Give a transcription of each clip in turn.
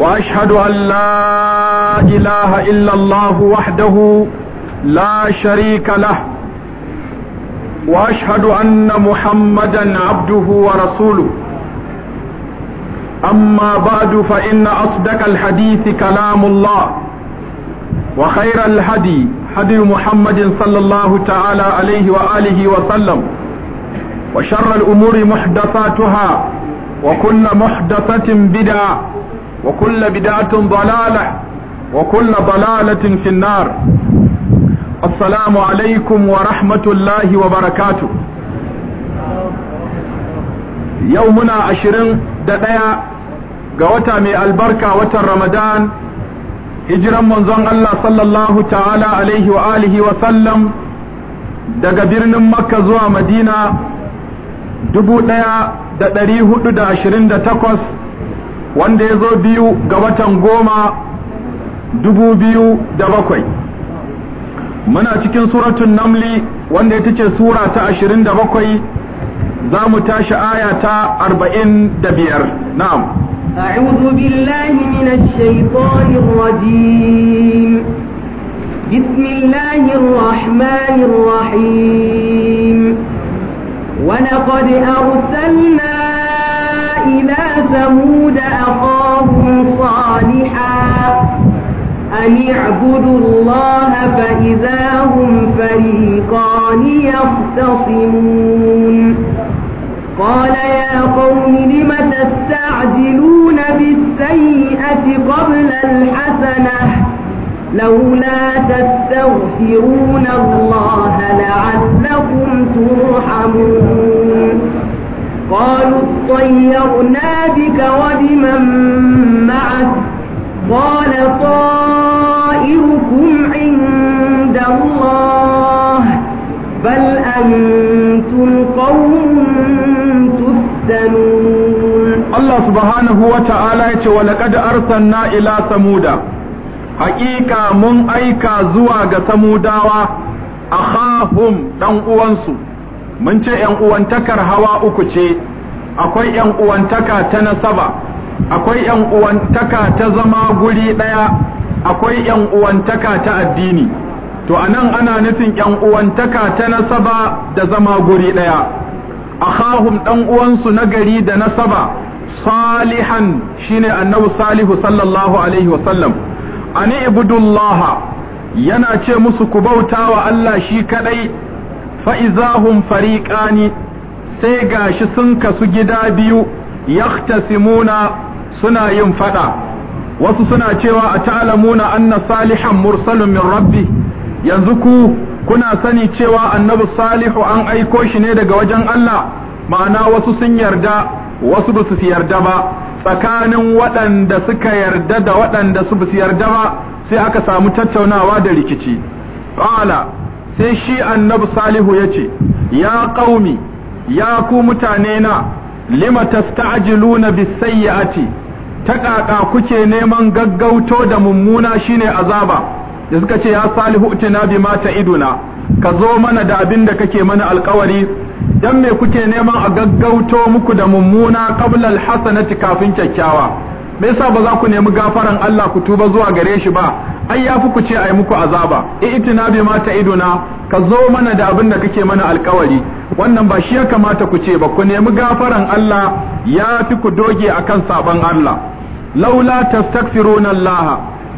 واشهد ان لا اله الا الله وحده لا شريك له واشهد ان محمدا عبده ورسوله اما بعد فان اصدق الحديث كلام الله وخير الهدي هدي محمد صلى الله تعالى عليه واله وسلم وشر الامور محدثاتها وكل محدثه بدعه وكل بدعة ضلالة وكل ضلالة في النار السلام عليكم ورحمة الله وبركاته يومنا عشرين دقيقة قوتا من البركة وتر رمضان hijiran manzon Allah sallallahu ta'ala alaihi wa alihi wa sallam daga birnin Makka zuwa Madina dubu ɗaya da ɗari hudu da ashirin da takwas wanda ya zo biyu ga watan goma dubu biyu da bakwai muna cikin suratun namli wanda ita ce sura ta ashirin da bakwai za mu tashi aya ta arba'in da biyar na'am أعوذ بالله من الشيطان الرجيم بسم الله الرحمن الرحيم ولقد أرسلنا إلى ثمود أخاهم صالحا أن اعبدوا الله فإذا هم فريقان يختصمون قال يا قوم لم تستعجلون بالسيئة قبل الحسنة لولا تستغفرون الله لعلكم ترحمون قالوا اطيرنا بك وبمن معك قال طائركم عند الله بل أنتم قوم تفتنون الله سبحانه وتعالى ولقد أرسلنا إلى ثمود حقيقة من أيكا زواج ثموداوا أخاهم دون أوانسو mun ce ‘yan uwantakar hawa uku ce, akwai ‘yan uwantaka ta nasaba, akwai ‘yan uwantaka ta zama guri ɗaya, akwai ‘yan uwantaka ta addini. To, a nan ana nufin ‘yan uwantaka ta nasaba da zama guri ɗaya, akhahum ɗan uwansu na gari da nasaba, salihan shine annabi salihu sallallahu alaihi wasallam. Ani ibudullaha yana ce musu ku bauta wa Allah shi kadai. fa'izahun fariƙani sai gashi sun kasu gida biyu yaktasimuna suna yin fada wasu suna cewa a ta'alamuna anna salihan mursalun min rabbi yanzu ku kuna sani cewa annabi salihu an aiko shi ne daga wajen Allah ma'ana wasu sun yarda wasu ba su yarda ba tsakanin waɗanda suka yarda da waɗanda su ba su yarda ba sai aka samu tattaunawa da rikici qala sai shi annabi salihu ya ce ya ƙaumi ya ku mutane na lima tasta'jiluna bisayyi'ati ta taƙaƙa kuke neman gaggauto da mummuna shine azaba da suka ce ya salihu utina bi mata iduna ka zo mana da abin da kake mana alkawari dan me kuke neman a gaggauto muku da mummuna qabla alhasanati kafin kyakkyawa me yasa ba za ku nemi gafaran Allah ku tuba zuwa gare shi ba ai yafi ku ce ai muku azaba i'tina bi ma ta iduna ka zo mana da abin da kake mana alkawari wannan ba shi ya kamata ku ce ba ku nemi gafaran Allah ya fi ku doge akan saban Allah laula tastaghfiruna Allah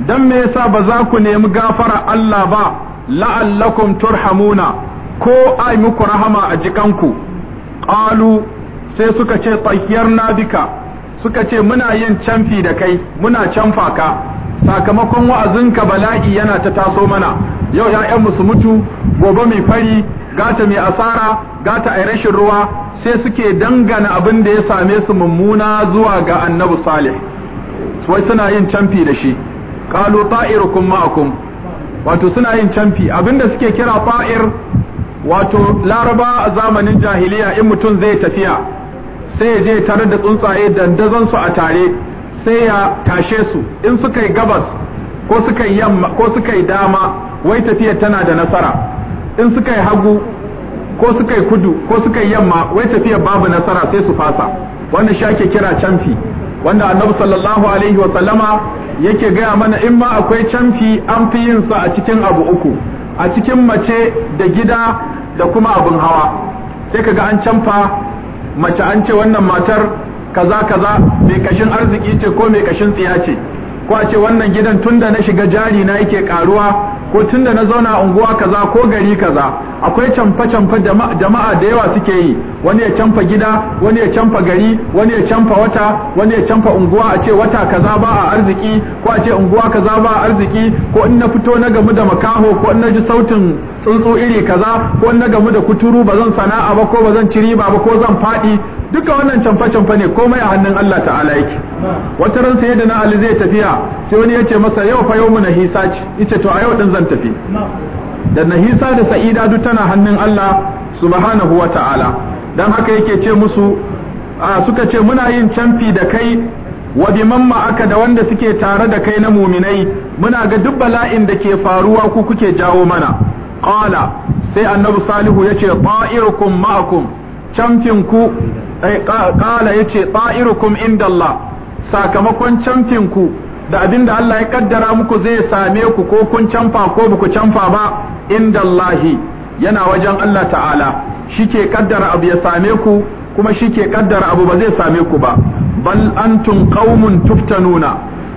dan me yasa ba za ku nemi gafara Allah ba la'allakum turhamuna ko ai muku rahama a jikanku qalu sai suka ce tsakiyar bika suka ce muna yin canfi da kai muna canfa ka sakamakon wa'azin ka bala'i yana ta taso mana yau ya'yanmu su mutu gobe mai fari gata mai asara gata a rashin ruwa sai suke dangana abin da ya same su mummuna zuwa ga annabi salih wai suna yin canfi da shi qalu ta'irukum ma'akum wato suna yin canfi abin da suke kira fa'ir wato laraba a zamanin jahiliya in mutum zai tafiya sai ya je tare da tsuntsaye dandazon su a tare sai ya tashe su in suka yi gabas ko suka yi yamma ko suka yi dama wai tafiyar tana da nasara in suka yi hagu ko suka yi kudu ko suka yi yamma wai tafiyar babu nasara sai su fasa wannan shi ake kira canfi wanda annabi sallallahu alaihi wa sallama yake gaya mana in ma akwai canfi an fi yin sa a cikin abu uku a cikin mace da gida da kuma abin hawa sai ka ga an canfa mace an ce wannan matar kaza kaza mai kashin arziki ce ko mai kashin tsiya ce ko a ce wannan gidan tunda na shiga jari na yake karuwa ko tun da na zauna unguwa kaza ko gari kaza akwai canfa canfa jama'a da yawa suke yi wani ya canfa gida wani ya canfa gari wani ya canfa wata wani ya canfa unguwa a ce wata kaza ba a arziki ko a ce unguwa kaza ba a arziki ko in na fito na gamu da makaho ko in na ji sautin tsuntsu iri kaza ko in na gamu da kuturu ba zan sana'a ba ko ba zan ciri riba ba ko zan faɗi duka wannan canfa-canfa ne komai a hannun Allah ta'ala yake wata ran sai da na Ali zai tafiya sai wani ya ce masa yau fa yau mu nahisa ce yace to a yau din zan tafi da nahisa da sa'ida duk tana hannun Allah subhanahu wa ta'ala dan haka yake ce musu a suka ce muna yin canfi da kai wa mamma aka da wanda suke tare da kai na muminai muna ga duk bala'in da ke faruwa ku kuke jawo mana qala sai annabi salihu yace ta'irukum ma'akum camfin ku qala eh, yace ta'irukum inda Allah sakamakon camfin ku da abin da Allah ya kaddara muku zai same ku ko kun camfa ko ba ku camfa ba inda Allah yana wajen Allah ta'ala shike ke kaddara abu ya same ku kuma shike ke kaddara abu ba zai same ku ba bal antum qaumun tuftanuna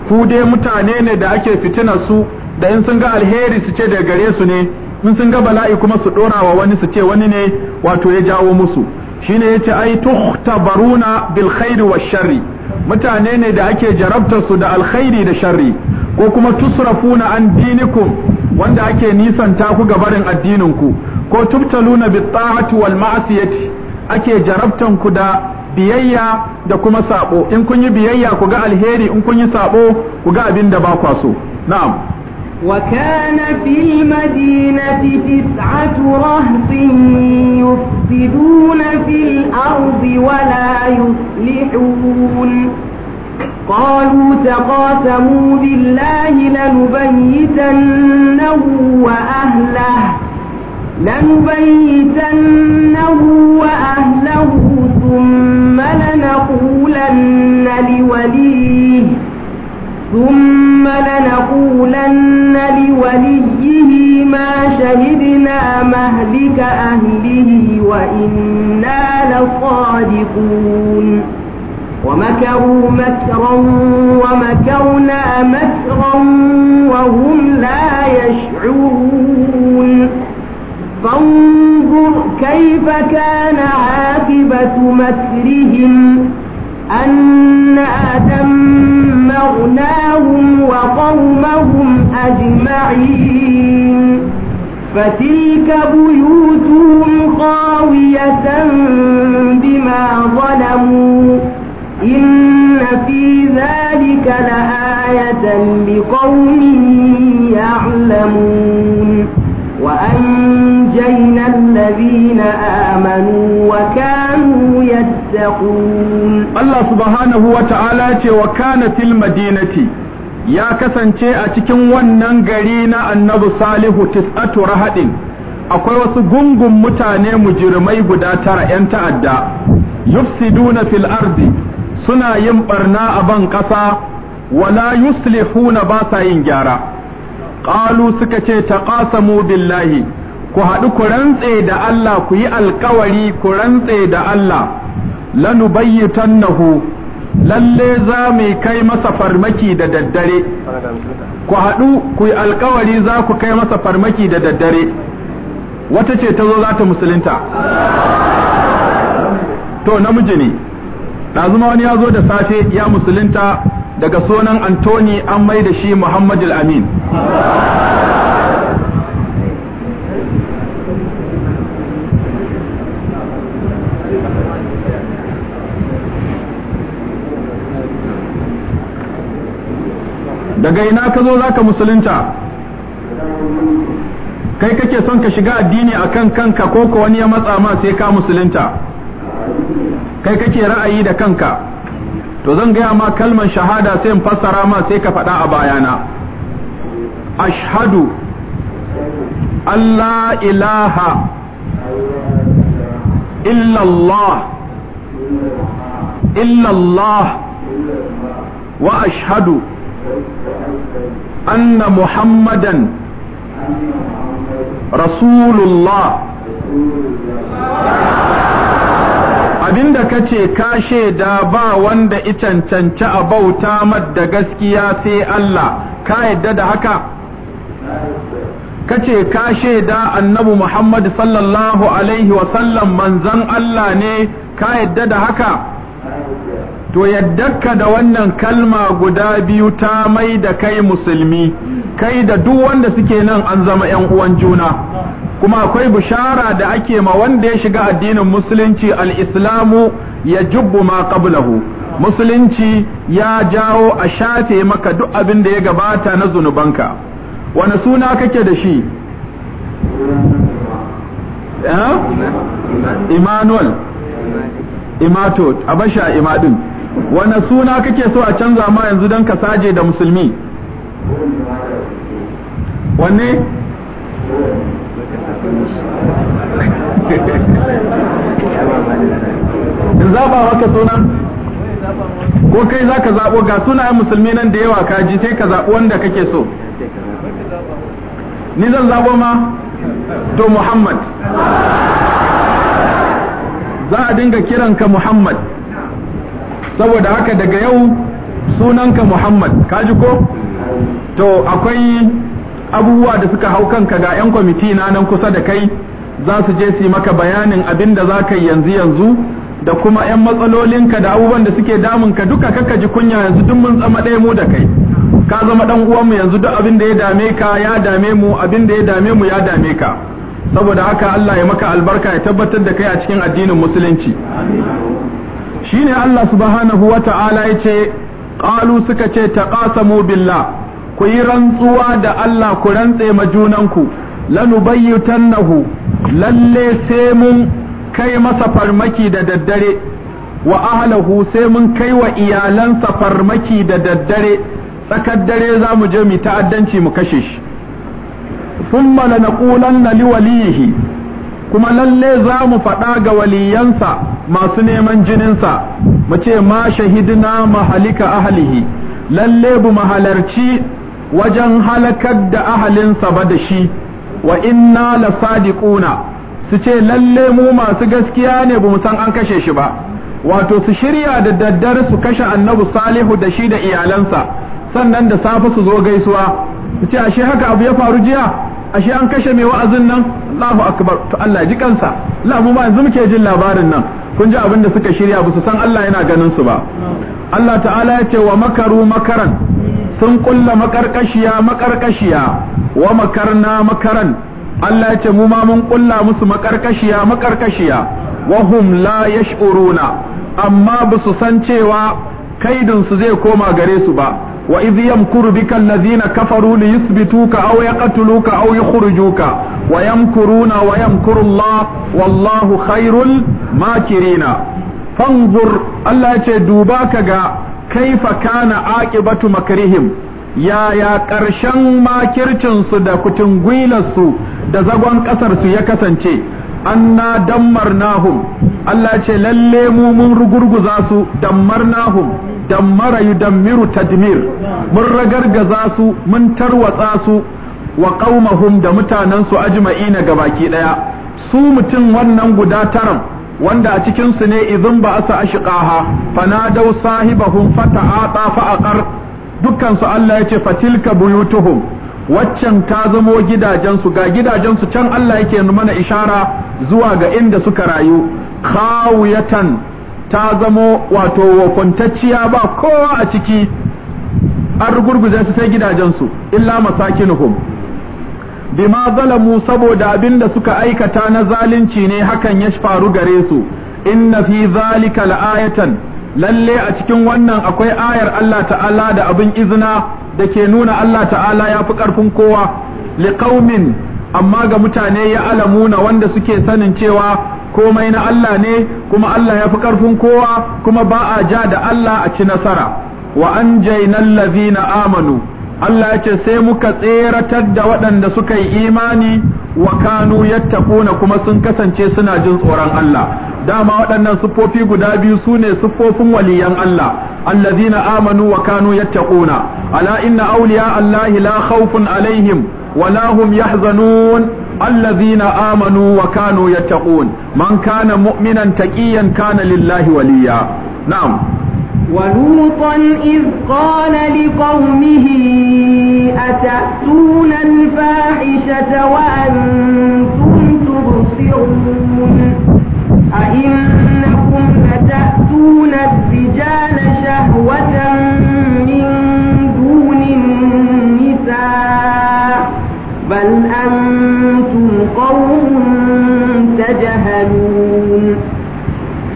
ku dai mutane ne da ake fitina su da in sun ga alheri su ce da gare su ne in sun ga bala'i kuma su dora wa wani su ce wani ne wato ya jawo musu shine yace ai tuhtabaruna bil khairi wa sharri mutane ne da ake jarabta su da alkhairi da sharri ko kuma tusrafuna an dinikum wanda ake nisanta ku barin addinin ku ko tubtaluna bit ta'ati wal ma'siyati ake jarabtan ku da biyayya da kuma sabo in kun yi biyayya ku ga alheri in kun yi sabo ku ga abin da ba kwa so na'am وكان في المدينة تسعة رهط يفسدون في الأرض ولا يصلحون قالوا تقاسموا بالله لنبيتنه وأهله لنبيتنه وأهله ثم لنقولن لوليه ثم لنقولن لوليه ما شهدنا مهلك أهله وإنا لصادقون ومكروا مكرا ومكرنا مكرا وهم لا يشعرون فانظر كيف كان عاقبة مكرهم أن آدم دمرناهم وقومهم أجمعين فتلك بيوتهم خاوية بما ظلموا إن في ذلك لآية لقوم يعلمون وأنجينا الذين آمنوا وكانوا يتقون Allah subhanahu wa ta'ala ce wa kana madinati ya kasance a cikin wannan gari na annabi salihu tis'atu rahadin akwai wasu gungun mutane mujirmai guda tara 'yan ta'adda yufsiduna fil ardi suna yin barna a ban ƙasa wala yuslihuna ba sa yin gyara ƙalu suka ce taqasamu billahi ku haɗu ku rantse da Allah ku yi alkawari ku rantse da Allah lanubayyitannahu lalle za mu kai masa farmaki da daddare ku haɗu ku yi alkawari za ku kai masa farmaki da daddare wata ce ta zo za ta musulunta to namiji ne ɗazuma wani ya zo da safe ya musulunta daga sunan antoni an mai da shi muhammadul amin daga ina ka zo zaka musulunta kai kake son ka shiga addini akan kanka ko ko wani ya matsa ma sai ka musulunta kai kake ra'ayi da kanka to zan gaya ma kalman shahada sai in fassara ma sai ka faɗa a bayana ashadu Allah ilaha illallah illallah wa ashhadu أن محمدا رسول الله abinda ka ce ka shaida ba wanda i cancanci a bauta da gaskiya sai Allah ka yadda da haka ka ce ka shaida annabi Muhammad sallallahu alaihi wasallam manzan Allah ne ka yadda da haka to ka da wannan kalma guda biyu ta mai da kai musulmi kai da duk wanda suke nan an zama ‘yan uwan juna kuma akwai bishara da ake ma wanda ya shiga addinin musulunci al'islamu ya jubbu ma qablahu musulunci ya jawo a shafe maka duk abin da ya gabata na zunubanka wani suna kake da shi eh? Emmanuel Imatot, Abasha Imadun. wane suna kake so a canza ma yanzu don ka saje da musulmi wanne in zaba waka sunan ko kai za ka zaɓo ga sunayen musulmi nan da yawa kaji sai ka zaɓo wanda kake so ni zan zaɓo ma to muhammad za a dinga kiranka muhammad saboda haka daga yau sunanka Muhammad ka ji ko to akwai abubuwa da suka hau kanka ga 'yan kwamiti na nan kusa da kai za su je su maka bayanin abin da za ka yanzu yanzu da kuma 'yan matsalolinka da abubuwan da suke damun ka duka kaka ji kunya yanzu duk mun tsama ɗaya mu da kai ka zama ɗan uwanmu yanzu duk abin da ya dame ka ya dame mu abin da ya dame mu ya dame ka saboda haka Allah ya maka albarka ya tabbatar da kai a cikin addinin musulunci Shi ne Allah subhanahu wa ta'ala yace ƙalu suka ce taqasamu billah ku yi rantsuwa da Allah ku rantse ma junanku Nahu lalle sai mun kai masa farmaki da daddare wa ahlahu sai mun kai wa iyalansa farmaki da daddare tsakar dare za mu je mu ta'addanci mu kashe shi thumma lanaqulanna liwaliyihi kuma lalle za mu faɗa ga waliyansa masu neman jininsa mu ce ma shahidina mahalika ahlihi lalle bu mahalarci wajen halakar da ahalinsa ba da shi wa inna la sadiquna su ce lalle mu masu gaskiya ne bu san an kashe shi ba wato su shirya da daddare su kashe annabi salihu da shi da iyalansa sannan da safe su zo gaisuwa su ce ashe haka abu ya faru jiya ashe an kashe mai wa'azin nan Allahu akbar to Allah ji kansa Allah mu ma yanzu muke jin labarin nan kun ji abin da suka shirya ba san Allah yana ganin su ba Allah ta'ala ya ce wa makaru makaran sun kulla makarkashiya makarkashiya wa makarna makaran Allah ya ce mu ma mun kulla musu makarkashiya makarkashiya wa hum la yash'uruna amma ba san cewa kaidin su zai koma gare su ba wa idh yamkuru bika alladhina kafaru li yuthbituka aw yaqtuluka aw yukhrijuka wa yamkuruna wa yamkuru Allah wallahu khairul makirina fanzur Allah ce duba ka ga kaifa kana aqibatu makrihim yaya ƙarshen makircinsu da kutungwilarsu da zagon ƙasarsu ya kasance anna dammarnahum Allah ce lalle mu mun rugurguza su dammarnahum dammara yudammiru tadmir mun ragargaza su mun tarwatsa su wa qaumahum da mutanen su ajma'ina gabaki daya su mutum wannan guda taran wanda a cikin su ne idan ba asa ashqaha fanadau sahibahum fata'ata aqar dukkan su Allah ya ce fatilka buyutuhum waccan ta zamo gidajensu ga gidajensu can Allah yake mana ishara zuwa ga inda suka rayu khawiyatan ta zamo wato wakuntacciya ba kowa a ciki an rugurguza su sai gidajensu illa masakinuhum bima zalamu saboda abin da suka aikata na zalunci ne hakan ya faru gare su inna fi zalika la'ayatan lalle a cikin wannan akwai ayar Allah ta'ala da abin izina da ke nuna Allah ta'ala ya fi ƙarfin kowa liƙaumin amma ga mutane ya alamuna wanda suke sanin cewa komai na Allah ne kuma Allah ya fi ƙarfin kowa kuma ba a ja da Allah a ci nasara wa an na amanu Allah ya ce sai muka tseratar da waɗanda suka yi imani wa kanu yattaquna kuma sun kasance suna jin tsoron Allah dama waɗannan siffofi guda biyu sune siffofin waliyan Allah allazina amanu wa kanu yattaquna ala inna auliya allahi la khawfun alaihim wala hum yahzanun allazina amanu wa kanu yattaqun man kana mu'minan taqiyan kana lillahi waliya na'am ولوطا إذ قال لقومه أتأتون الفاحشة وأنتم تبصرون أئنكم لتأتون الرجال شهوة من دون النساء بل أنتم قوم تجهلون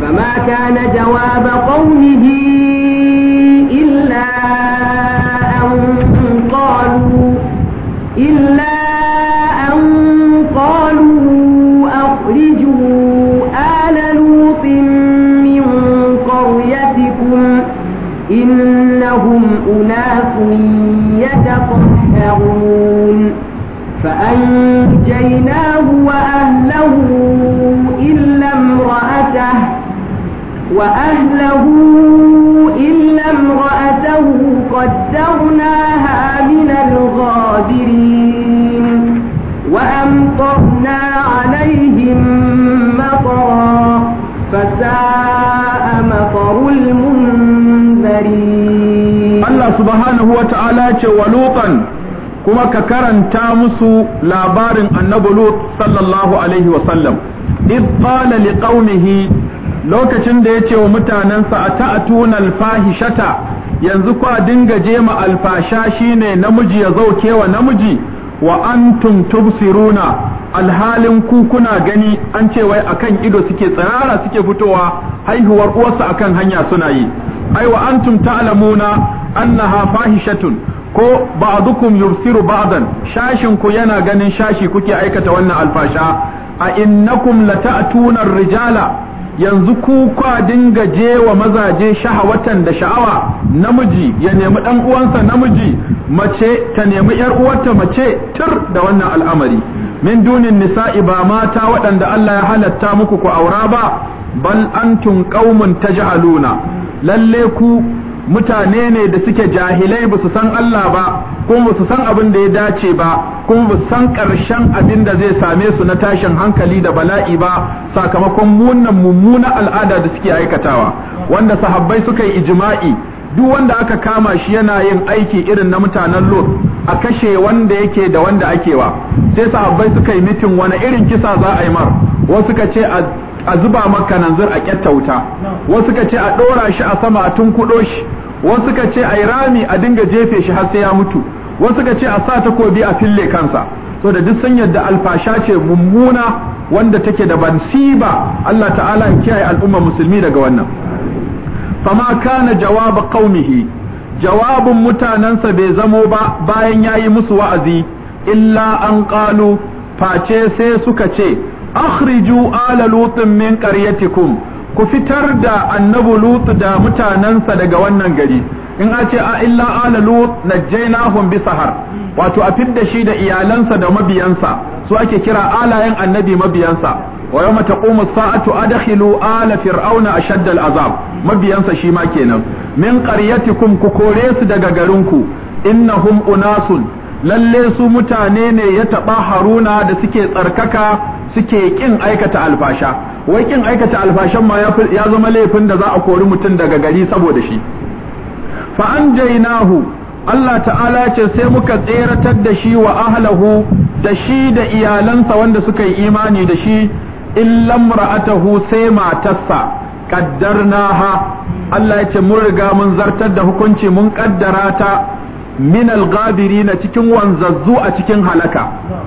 فما كان جواب قومه وأهله إلا امرأته قدرناها من الغابرين وأمطرنا عليهم مطرا فساء مطر المنذرين الله سبحانه وتعالى ولوطا kuma ka karanta musu labarin annabi Lut sallallahu alaihi wa sallam إذ قال لقومه lokacin da ya ce wa mutanensa a ta'atuna alfahishata yanzu kwa dinga je ma alfasha shine namiji ya zauke wa namiji wa antum tubsiruna alhalin ku kuna gani an ce wai akan ido suke tsirara suke fitowa haihuwar uwarsu akan hanya suna yi ai wa antum ta'lamuna annaha fahishatun ko ba'dukum yursiru ba'dan shashin ku yana ganin shashi kuke aikata wannan alfasha a innakum lata'tuna tunar rijala yanzu ku kwa dinga je wa mazaje shahawatan da sha'awa namiji ya nemi dan uwansa namiji mace ta nemi yar uwarta mace tur da wannan al'amari min dunin nisa'i ba mata waɗanda Allah ya halatta muku ku aura ba bal antum qaumun taj'aluna lalle ku mutane ne da suke jahilai ba su san Allah ba kuma ba su san abin da ya dace ba kuma ba su san ƙarshen abin da zai same su na tashin hankali da bala'i ba sakamakon munnan mummuna al'ada da suke aikatawa wanda sahabbai suka yi ijma'i duk wanda aka kama shi yana yin aiki irin na mutanen lot a kashe wanda yake da wanda akewa sai sahabbai suka yi mitin wani irin kisa za a yi mar wasu ka ce a zuba maka nanzir a wuta wasu ka ce a ɗora shi a sama a tunkuɗo shi wasu ka ce a yi rami a dinga jefe shi har sai ya mutu wasu ka ce a sa takobi a fille kansa so da duk san yadda alfasha ce mummuna wanda take da bansiba Allah ta'ala ya kiyaye al'umma musulmi daga wannan fama kana jawaba qaumihi jawabin mutanensa bai zamo ba bayan yayi musu wa'azi illa an qalu face sai suka ce akhriju ala lutin min qaryatikum ku fitar da annabu lut da mutanansa daga wannan gari in a ce a illa ala lut najjaynahum bi sahar wato a fidda shi da iyalansa da mabiyansa su ake kira alayen annabi mabiyansa wa yawma taqumu sa'atu adkhilu ala fir'auna ashadd al'azab mabiyansa shi ma kenan min qaryatikum ku kore su daga garinku innahum unasun lalle su mutane ne ya taɓa haruna da suke tsarkaka suke ƙin aikata alfasha wai ƙin aikata alfashan ma ya zama laifin da za a kori mutum daga gari saboda shi fa an jainahu Allah ta'ala ce sai muka tseratar da shi wa ahlahu da shi da iyalansa wanda suka yi imani da shi illam ra'atahu sai matarsa naha. Allah ya ce mun riga mun zartar da hukunci mun kaddara ta min na cikin wanzazzu a cikin halaka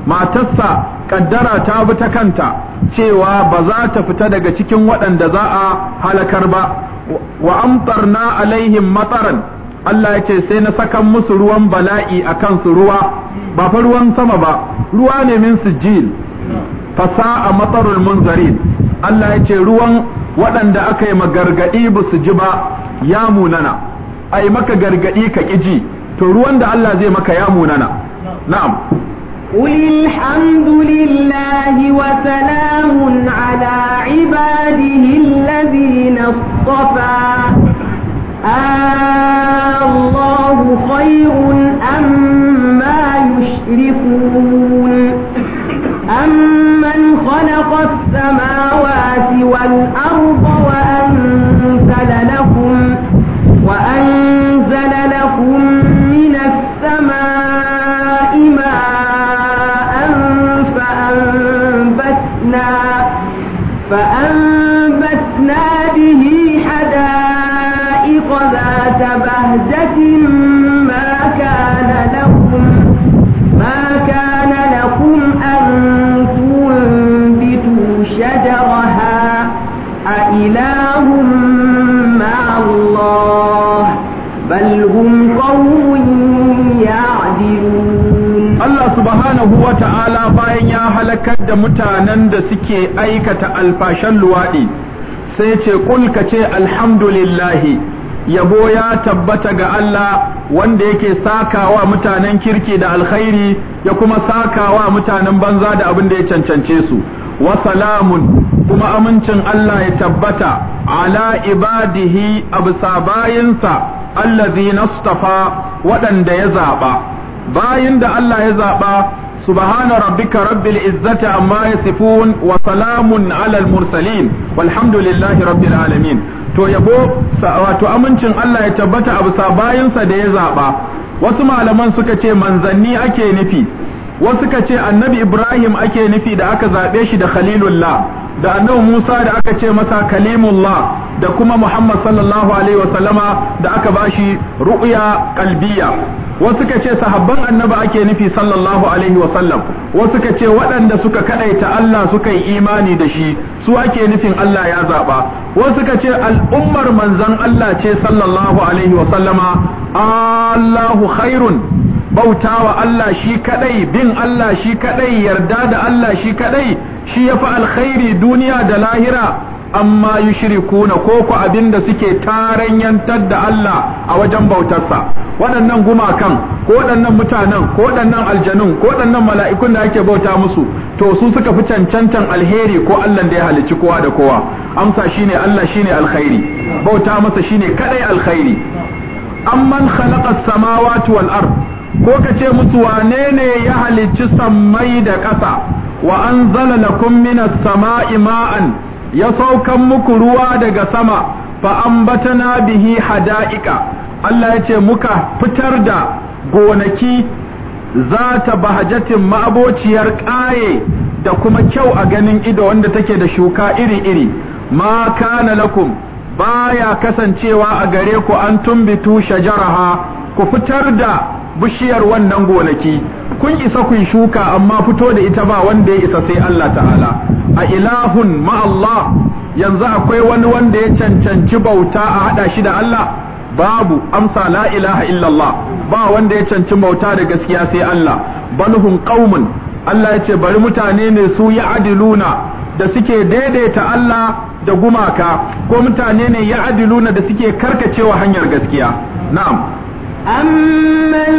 matarsa kaddara ta bi ta kanta cewa ba za ta fita daga cikin waɗanda za a halakar ba wa amtarna alaihim mataran Allah yake sai na sakan musu ruwan bala'i a kansu ruwa ba fa ruwan sama ba ruwa ne min sijil sa'a matarul munzarin Allah yake ruwan waɗanda aka yi magargaɗi ba su ji ba ya munana ai maka gargadi ka ƙiji to ruwan da Allah zai maka ya munana na'am قل الحمد لله وسلام على عباده الذين اصطفى الله خير أما يشركون أمن خلق السماوات والأرض halakar da mutanen da suke aikata alfashan luwaɗi sai ce kul ka ce alhamdulillahi yabo ya tabbata ga Allah wanda yake sakawa mutanen kirki da alkhairi ya kuma sakawa mutanen banza da abin da ya cancance su wa salamun kuma amincin Allah ya tabbata ala ibadihi absa bayinsa allazi nastafa waɗanda ya zaɓa bayin da Allah ya zaɓa subhana rabbika rabbil izzati amma yasifun wa salamun alal mursalin walhamdulillahi rabbi'l'alamin. to yabo wato amincin Allah ya tabbata abu bayansa da ya zaba wasu malaman suka ce manzanni ake nufi wasu ka ce annabi Ibrahim ake nufi da aka zabe shi da khalilullah da annabi Musa da aka ce masa kalimullah da kuma Muhammad sallallahu alaihi wasallama da aka bashi ru'ya Kalbiya wasu ka ce sahabban annabi ake nufi sallallahu alaihi wasallam wasu ka ce waɗanda suka kadaita Allah suka yi imani da shi su ake nufin Allah ya zaba wasu ka ce al'ummar manzon Allah ce sallallahu alaihi wasallama Allahu khairun bautawa Allah shi kadai bin Allah shi kadai yarda da Allah shi kadai shi yafi alkhairi duniya da lahira amma shirikuna ko ku abinda suke taranyantar da Allah a wajen bautarsa waɗannan gumakan ko waɗannan mutanen ko waɗannan aljanun ko waɗannan mala'ikun da ake bauta musu to su suka fi cancantan alheri ko Allah da ya halicci kowa da kowa amsa shine Allah shine alkhairi bauta masa shine kadai alkhairi amman khalaqa samawati wal ard ko ka ce musu wane ne ya halicci sammai da ƙasa wa an zala na minas sama'i ma'an ya saukan muku ruwa daga sama fa ambatana bihi hada'ika Allah ya ce muka fitar da gonaki za ta bahajatin ma'abociyar ƙaye da kuma kyau a ganin ido wanda take da shuka iri-iri ma kana lakum baya kasancewa a gare ku an tumbitu shajaraha ku fitar da bishiyar wannan gonaki kun isa kun shuka amma fito da ita ba wanda ya isa sai Allah ta'ala a ilahun ma Allah yanzu akwai wani wanda ya cancanci bauta a hada shi da Allah babu amsa la ilaha illallah ba wanda ya cancanci bauta da gaskiya sai Allah balhum qaumun Allah ya ce bari mutane ne su ya adiluna da suke daidaita Allah da gumaka ko mutane ne ya adiluna da suke karkacewa hanyar gaskiya na'am أَمَّنْ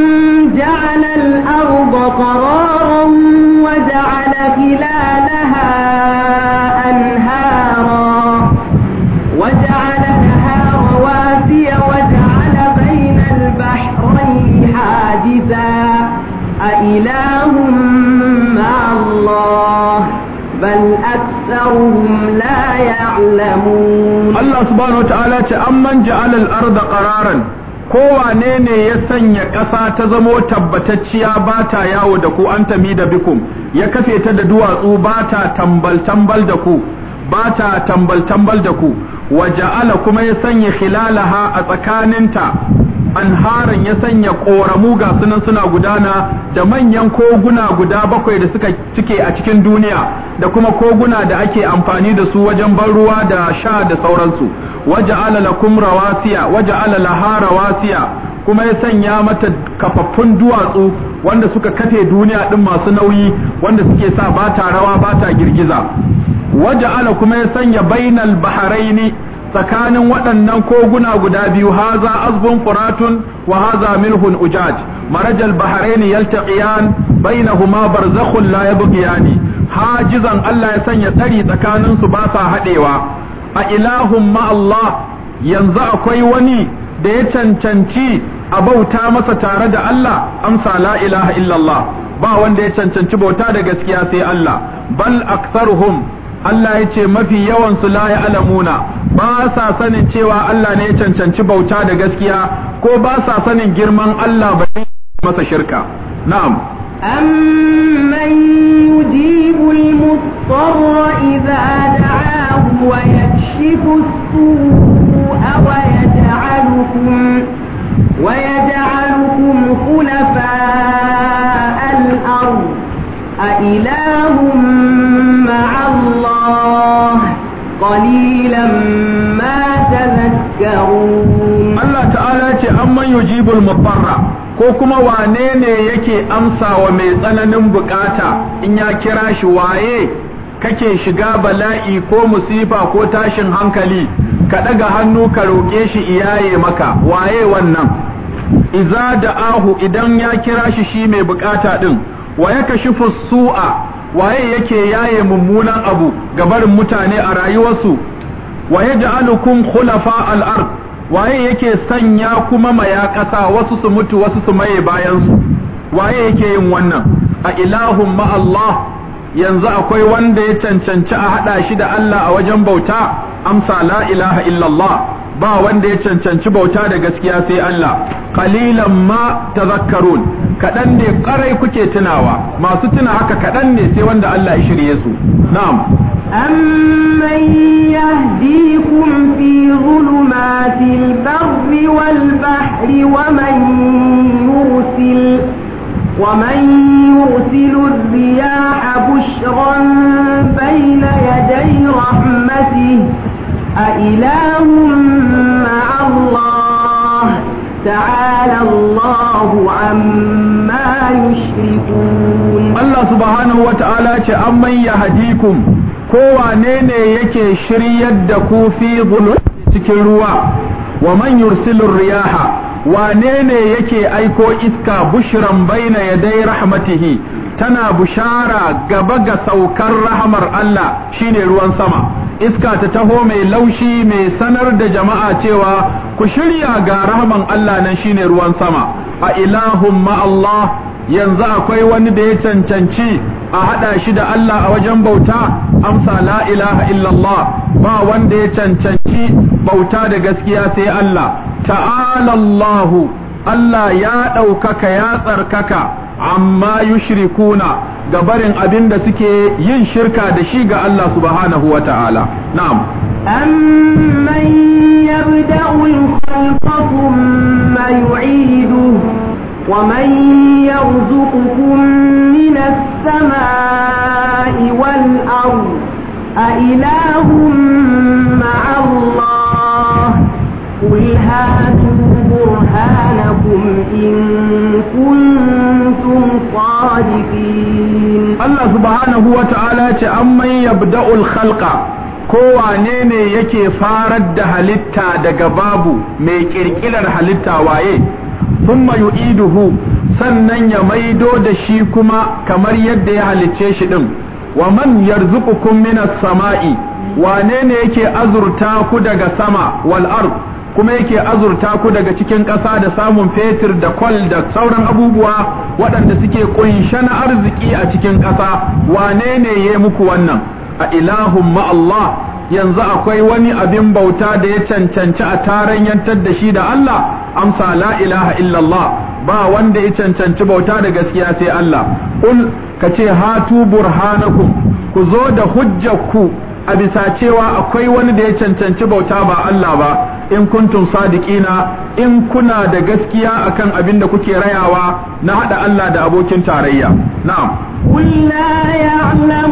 جَعَلَ الْأَرْضَ قَرَارًا وَجَعَلَ خِلَالَهَا أَنْهَارًا وَجَعَلَ لَهَا رَوَاسِيَ وَجَعَلَ بَيْنَ الْبَحْرَيْنِ حَاجِزًا أَإِلَٰهٌ مَّعَ اللَّهِ بَلْ أَكْثَرُهُمْ لَا يَعْلَمُونَ الله سبحانه وتعالى أَمَّنْ جَعَلَ الْأَرْضَ قَرَارًا kowane ne ya sanya ƙasa ta zamo tabbatacciya ba ta yawo da ku an tami da bikum ya kafe ta da duwatsu ba ta tambal-tambal da ku ba ta tambal-tambal da ku wa ja'ala kuma ya sanya khilalaha a tsakaninta harin ya sanya ƙoramu ga sunan suna gudana da manyan koguna guda bakwai da suka cike a cikin duniya da kuma koguna da ake amfani da su wajen ban ruwa da sha da sauransu waja'ala lakum rawasiya waja'ala laha rawasiya kuma ya sanya mata kafaffun duwatsu wanda suka kafe duniya din masu nauyi wanda suke sa ba ta rawa ba ta girgiza waja'ala kuma ya sanya bainal baharaini tsakanin waɗannan koguna guda biyu haza azbun furatun wa haza milhun ujaj marajal baharaini yaltaqiyan bainahuma barzakhun la yabqiyani hajizan Allah ya sanya tsari tsakanin su ba sa hadewa a ilahun ma'allah yanzu akwai wani da ya cancanci a bauta masa tare da Allah amsa la ilaha illallah ba wanda ya cancanci bauta da gaskiya sai Allah bal aktsaruhum Allah ya ce mafi yawansu la alamuna. ba sa sanin cewa Allah ne ya cancanci bauta da gaskiya ko ba sa sanin girman Allah ba masa shirka na'am amman yujibul mudarra idza da'a ويكشف السوء ويجعلكم ويجعلكم خلفاء الأرض أإله مع الله قليلا ما تذكرون الله تعالى أمن يجيب المضطر ko kuma wane ne yake amsa wa mai tsananin bukata in ya kira shi waye kake shiga bala'i ko musifa ko tashin hankali ka ɗaga hannu ka roƙe shi iyaye maka waye wannan iza da ahu idan ya kira shi shi mai bukata ɗin Waye ka kashi su'a waye yake yaye mummunan abu ga barin mutane a rayuwarsu Waye da alukun khulafa al waye yake sanya kuma maya ƙasa wasu su mutu wasu su maye bayansu waye yake yin wannan a ilahun ma'allah yanzu akwai wanda ya cancanci a haɗa shi da Allah a wajen bauta amsa la ilaha illallah ba wanda ya cancanci bauta da gaskiya sai Allah qalilan ma tazakkarun kaɗan ne ƙarai kuke tunawa masu tuna haka kaɗan ne sai wanda Allah ya shirye su na'am أمن يهديكم في ظلمات البر والبحر ومن يرسل ومن يرسل الرياح بشرا بين يدي رحمته أإله مع الله تعالى الله عما يشركون الله سبحانه وتعالى أمن يهديكم kowane ne yake shiryar da ku fi cikin ruwa wa man yursilur riyaha wane ne yake aiko iska bushiran baina dai rahmatihi tana bushara gaba ga saukar rahamar Allah shine ruwan sama iska ta taho mai laushi mai sanar da jama'a cewa ku shirya ga rahaman Allah nan shine ruwan sama a ilahun Allah. yanzu akwai wani da ya cancanci a haɗa shi da Allah a wajen bauta amsa la ilaha illallah ba wanda ya cancanci bauta da gaskiya sai Allah ta'alallahu Allah ya ɗaukaka ya tsarkaka amma yushrikuna ga barin abin da suke yin shirka da shi ga Allah subhanahu wa ta'ala na'am amman yabda'u al-khalqa thumma yu'iduhu ومن يرزقكم من السماء والأرض أإله مع الله قل هاتوا برهانكم إن كنتم صادقين الله سبحانه وتعالى أمن يبدأ الخلق kowane ne yake farar da halitta daga babu mai kirkirar halitta waye thumma yu'iduhu sannan ya maido da shi kuma kamar yadda ya halicce shi ɗin wa man yarzuqukum minas sama'i wane ne yake azurta ku daga sama wal ard kuma yake azurta ku daga cikin ƙasa da samun fetur da kwal da sauran abubuwa waɗanda suke ƙunshe na arziki a cikin ƙasa wane ne ya muku wannan a ilahun Allah yanzu akwai wani abin bauta da ya cancanci a taron yantar da shi da Allah amsa la ilaha illallah ba wanda ya cancanci bauta da gaskiya sai Allah kul ka ce hatu burhanakum ku zo da hujjarku a bisa cewa akwai wani da ya cancanci bauta ba Allah ba in kuntum sadiqina in kuna da gaskiya akan abin da kuke rayawa na hada Allah da abokin tarayya na'am qul man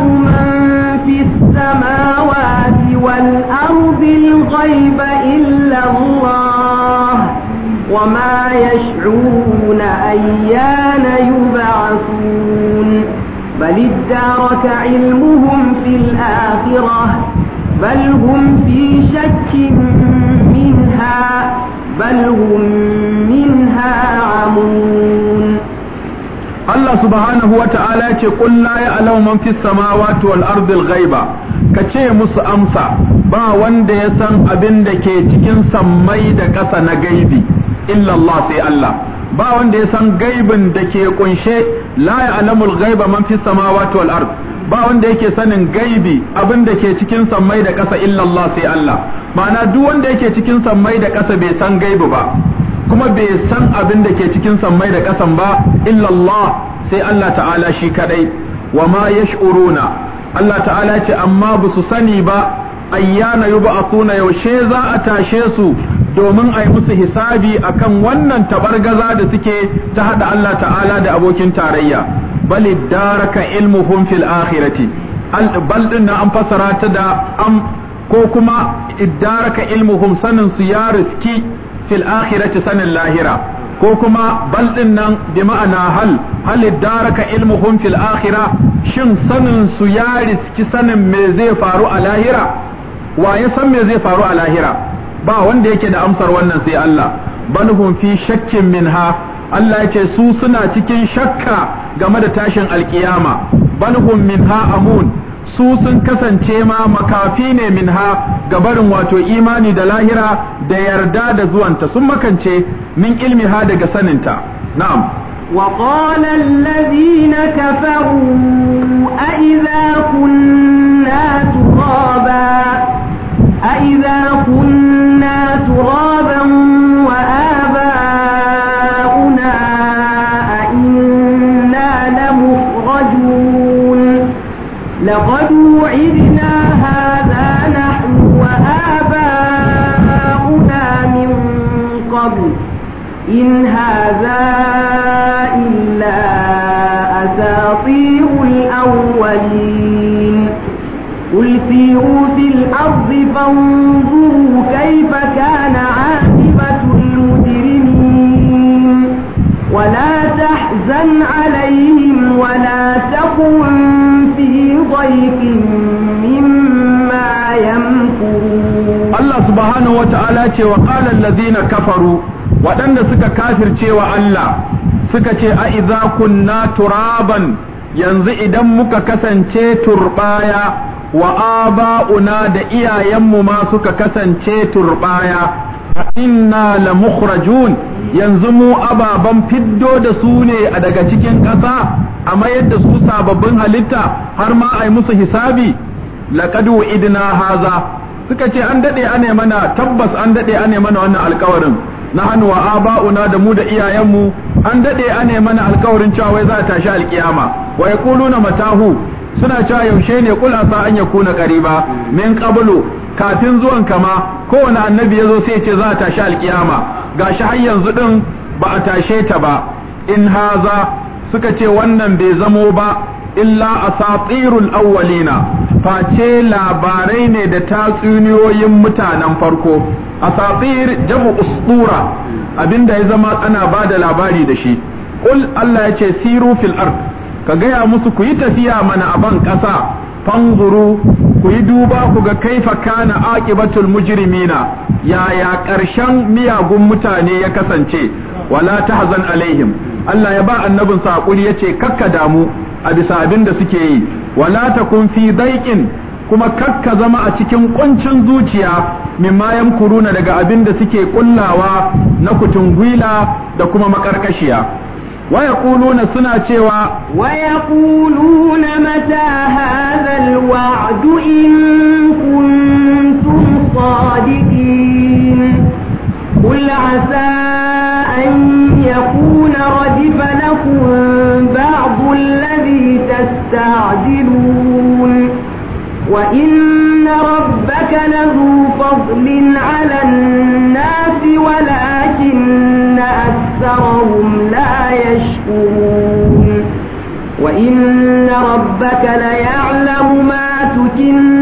fis samawati والأرض الغيب إلا الله وما يشعرون أيان يبعثون بل ادارك علمهم في الآخرة بل هم في شك منها بل هم منها عمون الله سبحانه وتعالى يقول لا يعلم من في السماوات والأرض الغيبة ka ce musu amsa ba wanda ya san abin da ke cikin sammai da ƙasa na gaibi illallah sai Allah ba wanda ya san gaibin da ke kunshe la ya'lamul ghaiba man fi samawati wal ard ba wanda yake sanin gaibi abin da ke cikin sammai da ƙasa illallah sai Allah ma'ana duk wanda yake cikin sammai da ƙasa bai san gaibi ba kuma bai san abin da ke cikin sammai da ƙasan ba illallah sai Allah ta'ala shi kadai wa ma yash'uruna Allah ta'ala ce amma ba su sani ba ayyana kuna yaushe za a tashe su domin a yi musu hisabi akan wannan tabargaza da suke ta haɗa Allah ta'ala da abokin tarayya bali daraka ilmuhum fil akhirati bal din an fasara ta da am ko kuma iddaraka ilmuhum sanin su ya riski fil akhirati sanin lahira ko kuma bal din nan bi ma'ana hal hal daraka ilmuhum fil akhirah shin sanin su ya riski sanin me zai faru a lahira wa ya san me zai faru a lahira ba wanda yake da amsar wannan sai Allah bal hum fi shakkin minha Allah yake su suna cikin shakka game da tashin alkiyama bal hum minha amun su sun kasance ma makafi ne minha gabarin wato imani da lahira da yarda da zuwanta sun makance min ilmiha daga saninta na'am وقال الذين كفروا أإذا كنا ترابا أإذا كنا ترابا إلا أساطير الأولين قل سيروا في الأرض فانظروا كيف كان عاقبة المجرمين ولا تحزن عليهم ولا تقم في ضيق مما يمكرون الله سبحانه وتعالى وقال الذين كفروا waɗanda suka kafircewa Allah suka ce a iza kunna turaban yanzu idan muka kasance turbaya wa aba'una da iyayenmu ma suka kasance turbaya inna la mukhrajun yanzu mu ababan fiddo da su ne daga cikin ƙasa a mayar da su sababbin halitta har ma ai musu hisabi laqad idna haza suka ce an dade ane mana tabbas an dade ane mana wannan alƙawarin na hannu wa aba'una da mu da iyayenmu an dade ane mana alkawarin cewa wai za a tashi alkiyama wa na matahu suna cewa yaushe ne kula sa an yakuna qariba min qablu kafin zuwan kama kowane annabi yazo sai ce za a tashi alkiyama shi har yanzu din ba a tashe ta ba in haza suka ce wannan bai zamo ba illa asatirul awwalina face labarai ne da tatsuniyoyin mutanen farko asatir jamu ustura abinda ya zama ana ba da labari da shi qul Allah ya ce siru fil ard ka gaya musu ku yi tafiya mana a ban ƙasa fanzuru ku yi duba ku ga kaifa kana aqibatul mujrimina yaya ƙarshen miyagun mutane ya kasance wala tahzan alaihim Allah ya ba annabin saƙuri ya ce kakka damu a bisa abin da suke yi wala takun fi daiƙin kuma kakka zama a cikin ƙuncin zuciya mimma yamkuruna daga abin da suke kullawa na kutungwila da kuma makarkashiya wa yaquluna suna cewa wa yaquluna mata hadha alwa'du in kuntum sadiqin قل عسى أن يكون ردف لكم بعض الذي تستعجلون وإن ربك لذو فضل على الناس ولكن أكثرهم لا يشكرون وإن ربك ليعلم ما تكن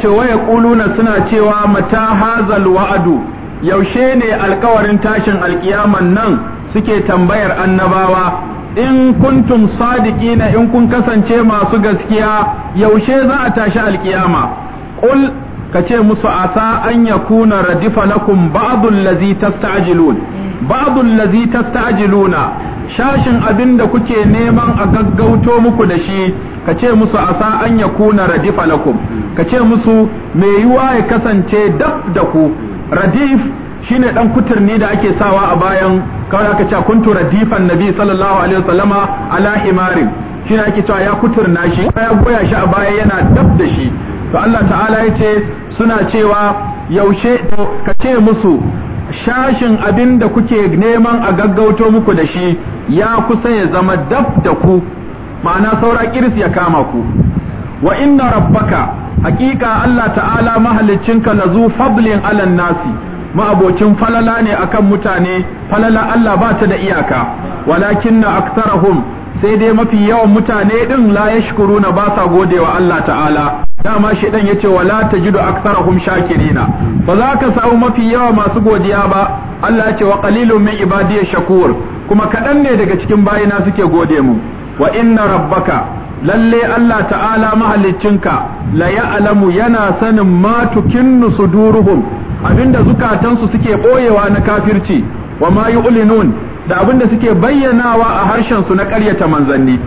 ce waya kuluna suna cewa mata hazal wa'adu yaushe ne alkawarin tashin alkiyaman nan suke tambayar annabawa in kuntum sadiqina in kun kasance masu gaskiya yaushe za a tashi alkiyama ƙul ka ce musu asa an yakuna radifa lakum ba'dul ladzi tasta'jilun ba'dul ladzi tasta'jiluna shashin abin da kuke neman a gaggauto muku da shi ka ce musu asa an ya kuna radifa lakum ka ce musu mai yiwa ya kasance daf da ku radif shine dan kuturni da ake sawa a bayan kawai aka ce kuntu radifan nabi sallallahu alaihi wasallama ala himarin shine ake cewa ya kuturna shi ya goya shi a baya yana daf da shi to Allah ta'ala ya ce suna cewa yaushe ka ce musu shashin abin da kuke neman a gaggauto muku da shi ya kusa ya zama daf da ku ma'ana saura kiris ya kama ku wa inna rabbaka haƙiƙa Allah ta'ala mahalicinka la zu fablin alan nasi ma'abocin falala ne akan mutane falala Allah ba ta da iyaka walakin na aktarahum sai dai mafi yawan mutane din la yashkuruna ba sa godewa Allah ta'ala dama shi ya ce wala ta tajidu aktarahum shakirina ba za ka samu mafi yawa masu godiya ba Allah ya ce wa qalilun min ibadiyash shakur kuma kaɗan ne daga cikin bayina suke gode mu wa inna rabbaka lalle Allah ta'ala ka la ya'lamu yana sanin ma tukinnu suduruhum abinda zukatansu suke boyewa na kafirci wa ma yu'linun da abinda suke bayyanawa a harshen su na ƙaryata manzanni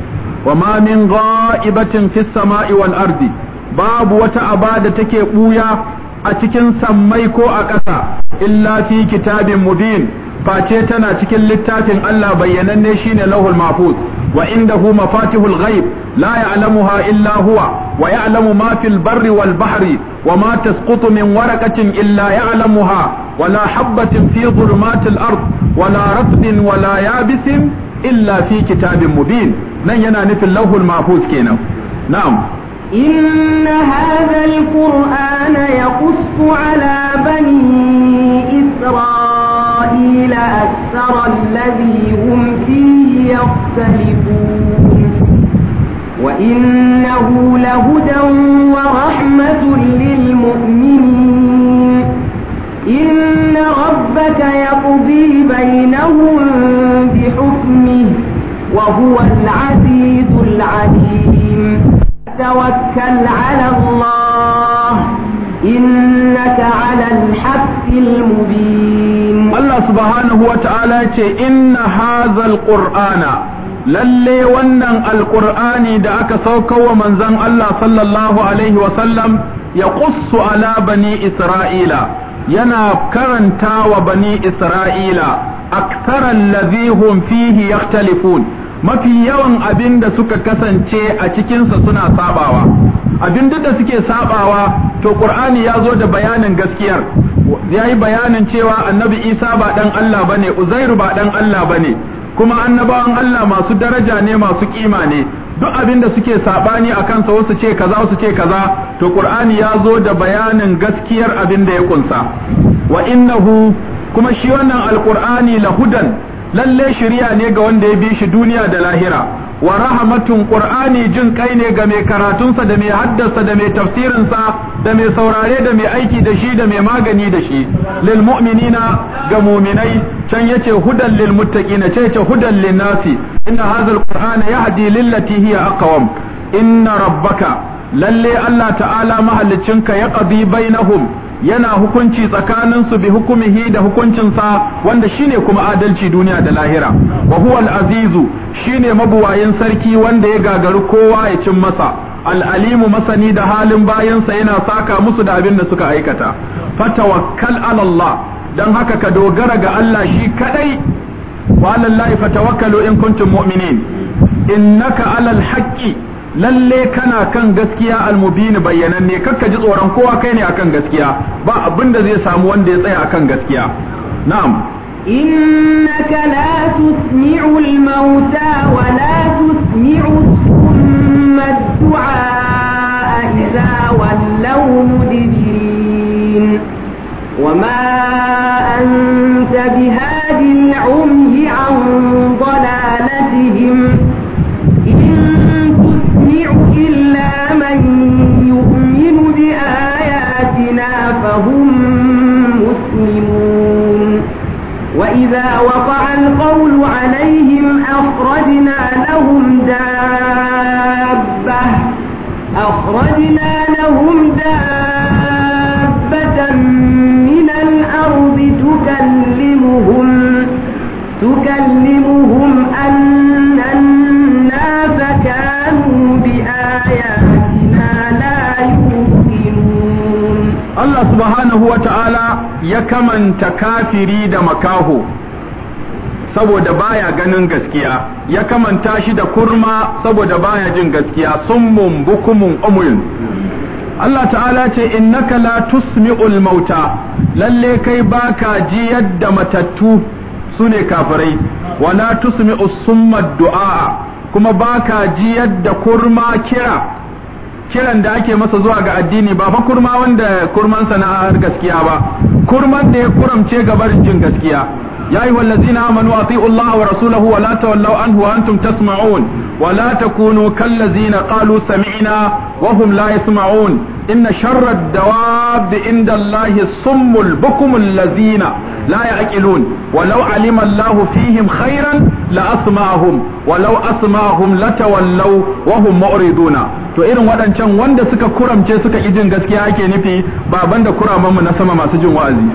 wa ma min gha'ibatin fis sama'i wal ardi babu wata abada take buya a cikin sammai ko a ƙasa illa fi kitabin mubin face tana cikin littafin Allah bayyananne shine lahul mahfuz wa indahu mafatihul ghaib la ya'lamuha illa huwa wa ya'lamu ma fil barri wal bahri wa ma tasqutu min waraqatin illa ya'lamuha wa la habatin fi dhulumatil ard wa la ratbin wa la yabisin illa fi kitabin mubin nan yana nufin lahul mahfuz kenan na'am إن هذا القرآن يقص على بني إسرائيل أكثر الذي هم فيه يختلفون وإنه لهدى ورحمة للمؤمنين إن ربك يقضي بينهم بحكمه وهو العزيز العليم وتوكل على الله إنك على الحق المبين الله سبحانه وتعالى إن هذا القرآن lalle wannan alƙur'ani da aka wa manzon Allah sallallahu alaihi wasallam ya qussu ala bani isra'ila yana karanta wa bani isra'ila aktaran lazihun fihi yakhtalifun mafi yawan abin da suka kasance a cikinsa suna sabawa abin duk da suke sabawa to qur'ani ya zo da bayanin gaskiyar ya yi bayanin cewa annabi isa ba dan allah bane uzairu ba dan allah bane kuma annabawan allah masu daraja ne masu kima ne duk abin da suke sabani a kansa wasu ce kaza wasu ce kaza to qur'ani ya zo da bayanin gaskiyar abin da ya kunsa wa innahu kuma shi wannan alqur'ani lahudan lalle shirya ne ga wanda ya bi shi duniya da lahira wa rahmatun qur'ani jin kai ne ga mai karatunsa da mai haddasa da mai tafsirinsa da mai saurare da mai aiki da shi da mai magani da shi lil mu'minina ga mu'minai can yace hudan lil muttaqina ce yace hudan lin nasi inna hadha alqur'ana yahdi lillati hiya aqwam inna rabbaka lalle Allah ta'ala mahallicinka ya qadi bainahum yana hukunci tsakanin su bi hukumihi da hukuncinsa wanda shine kuma adalci duniya da lahira wa huwa al-azizu shine mabuwayin sarki wanda ya gagaru kowa ya cin masa al-alimu masani da halin bayansa yana saka musu da abin da suka aikata fatawakkal ala Allah dan haka ka dogara ga Allah shi kadai wa lillahi Allah fatawakkalu in kuntum mu'minin innaka ala al-haqqi lalle kana kan gaskiya almubini bayyananne kakka ji tsoron kowa kai ne akan gaskiya ba abin da zai samu wanda ya tsaya akan gaskiya na'am innaka la tusmi'u al-mauta wa la tusmi'u summa du'a idza wallaw mudbirin wa ma anta biha إلا من يؤمن بآياتنا فهم مسلمون وإذا وقع القول عليهم أخرجنا لهم دابة أخرجنا لهم دابة subhanahu wa ta'ala ya kamanta kafiri da makaho saboda baya ganin gaskiya ya kamanta shi da kurma saboda baya jin gaskiya summun bukumun umul. Allah ta'ala ce innaka la tusmi'ul mauta lalle kai baka ji yadda matattu sune kafirai la tusmi'us summa du'a kuma baka ji yadda kurma kira kiran da ake masa zuwa ga addini ba fa kurma wanda kurman sana'ar gaskiya ba kurman da ya kuramce ga jin gaskiya ya ayyuhallazina amanu ati'u Allah wa rasulahu wa la tawallaw anhu wa antum tasma'un ولا تكونوا كالذين قالوا سمعنا وهم لا يسمعون إن شر الدواب عند الله الصم البكم الذين لا يعقلون ولو علم الله فيهم خيرا لأسمعهم ولو أسمعهم لتولوا وهم معرضون to irin waɗancan wanda suka kuramce suka ijin gaskiya ake nufi ba banda kuramanmu na sama masu jin wa'azi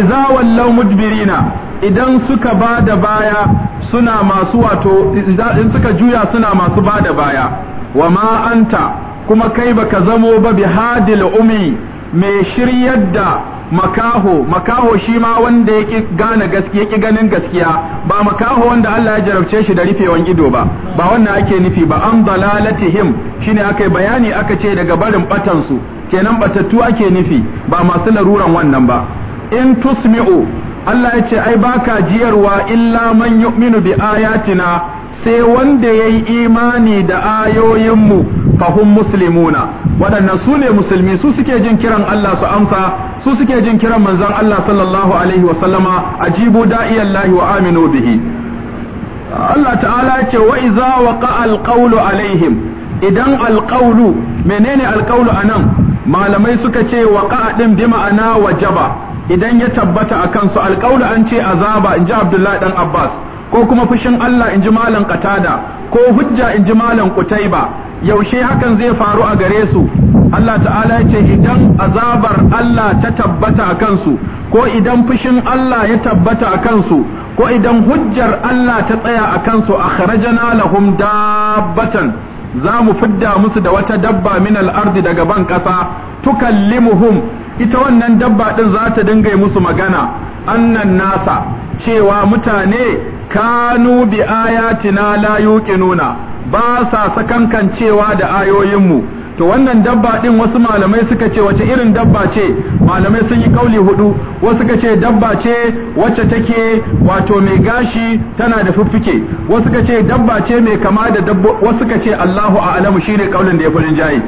iza wallau mudbirina idan suka ba da baya suna masu wato in suka juya suna masu ba da baya wa ma anta kuma kai baka zamo ba bi hadil umi mai shiryar da makaho makaho shi ma wanda yake gane gaskiya yake ganin gaskiya ba makaho wanda Allah ya jarabce shi da rufewan ido ba ba wannan ake nufi ba an dalalatihim shine aka bayani aka ce daga barin batansu kenan batattu ake nufi ba masu laruran wannan ba in tusmi'u Allah ya ce ai baka jiyarwa illa man yu'minu bi ayatina sai wanda ya yi imani da ayoyinmu fahum muslimuna waɗannan su ne musulmi su suke jin kiran Allah su amsa su suke jin kiran manzon Allah sallallahu alaihi wa sallama ajibu lahi wa aminu bihi Allah ta'ala ce wa iza waqa alaihim idan alƙaulu menene alƙaulu a nan malamai suka ce waƙa ɗin bi ma'ana jaba idan ya tabbata a kansu alƙaulu an ce azaba in ji abdullahi ɗan abbas ko kuma fushin allah in ji malam katada ko hujja in ji malam kutaiba yaushe hakan zai faru a gare su Allah ta'ala ya ce idan azabar Allah ta tabbata a kansu ko idan fushin Allah ya tabbata a kansu ko idan hujjar Allah ta tsaya a kansu akhrajana lahum dabbatan za mu fidda musu da wata dabba min al daga ban ƙasa tukallimuhum ita wannan dabba ɗin za ta dinga yi musu magana annan nasa cewa mutane kanu bi ayatina la yuqinuna ba sa sakankan cewa da ayoyinmu to wannan dabba din wasu malamai suka ce wace irin dabba ce malamai sun yi kauli hudu wasu suka ce dabba ce wacce take wato mai gashi tana da fuffike wasu suka ce dabba ce mai kama da dabba wasu suka ce Allahu a'lamu shine kaulin da ya fi rinjaye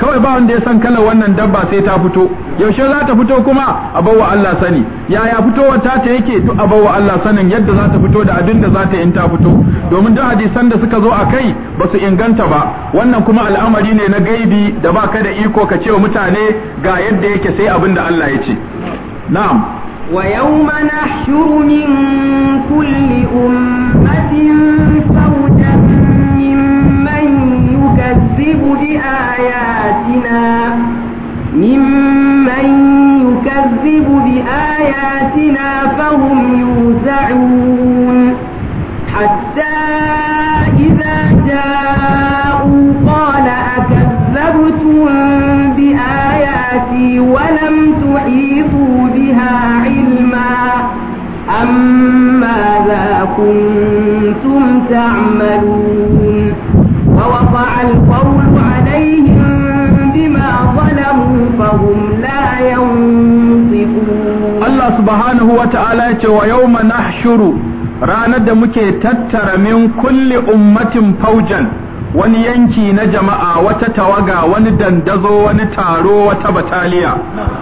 kawai ba wanda ya san kalar wannan dabba sai ta fito yaushe za ta fito kuma a bawa Allah sani yaya fitowar ta ta yake duk a bawa Allah sanin yadda za ta fito da abin da za ta in ta fito domin duk hadisan da suka zo a kai ba su inganta ba wannan kuma al'amari ne na gaibi da ba ka da iko ka ce wa mutane ga yadda yake sai abin da Allah ya ce na'am wa yawma nahshuru min kulli ummatin fawjan mimman yukazzibu bi آياتنا ممن يكذب بآياتنا فهم يوزعون حتى إذا جاءوا قال أكذبتم بآياتي ولم تحيطوا بها علما أم ماذا كنتم تعملون وهم لا ينطقون الله سبحانه وتعالى ويوم نحشر ranar da muke tattara min kulli ummatin faujan wani yanki na jama'a wata tawaga wani dandazo wani taro wata bataliya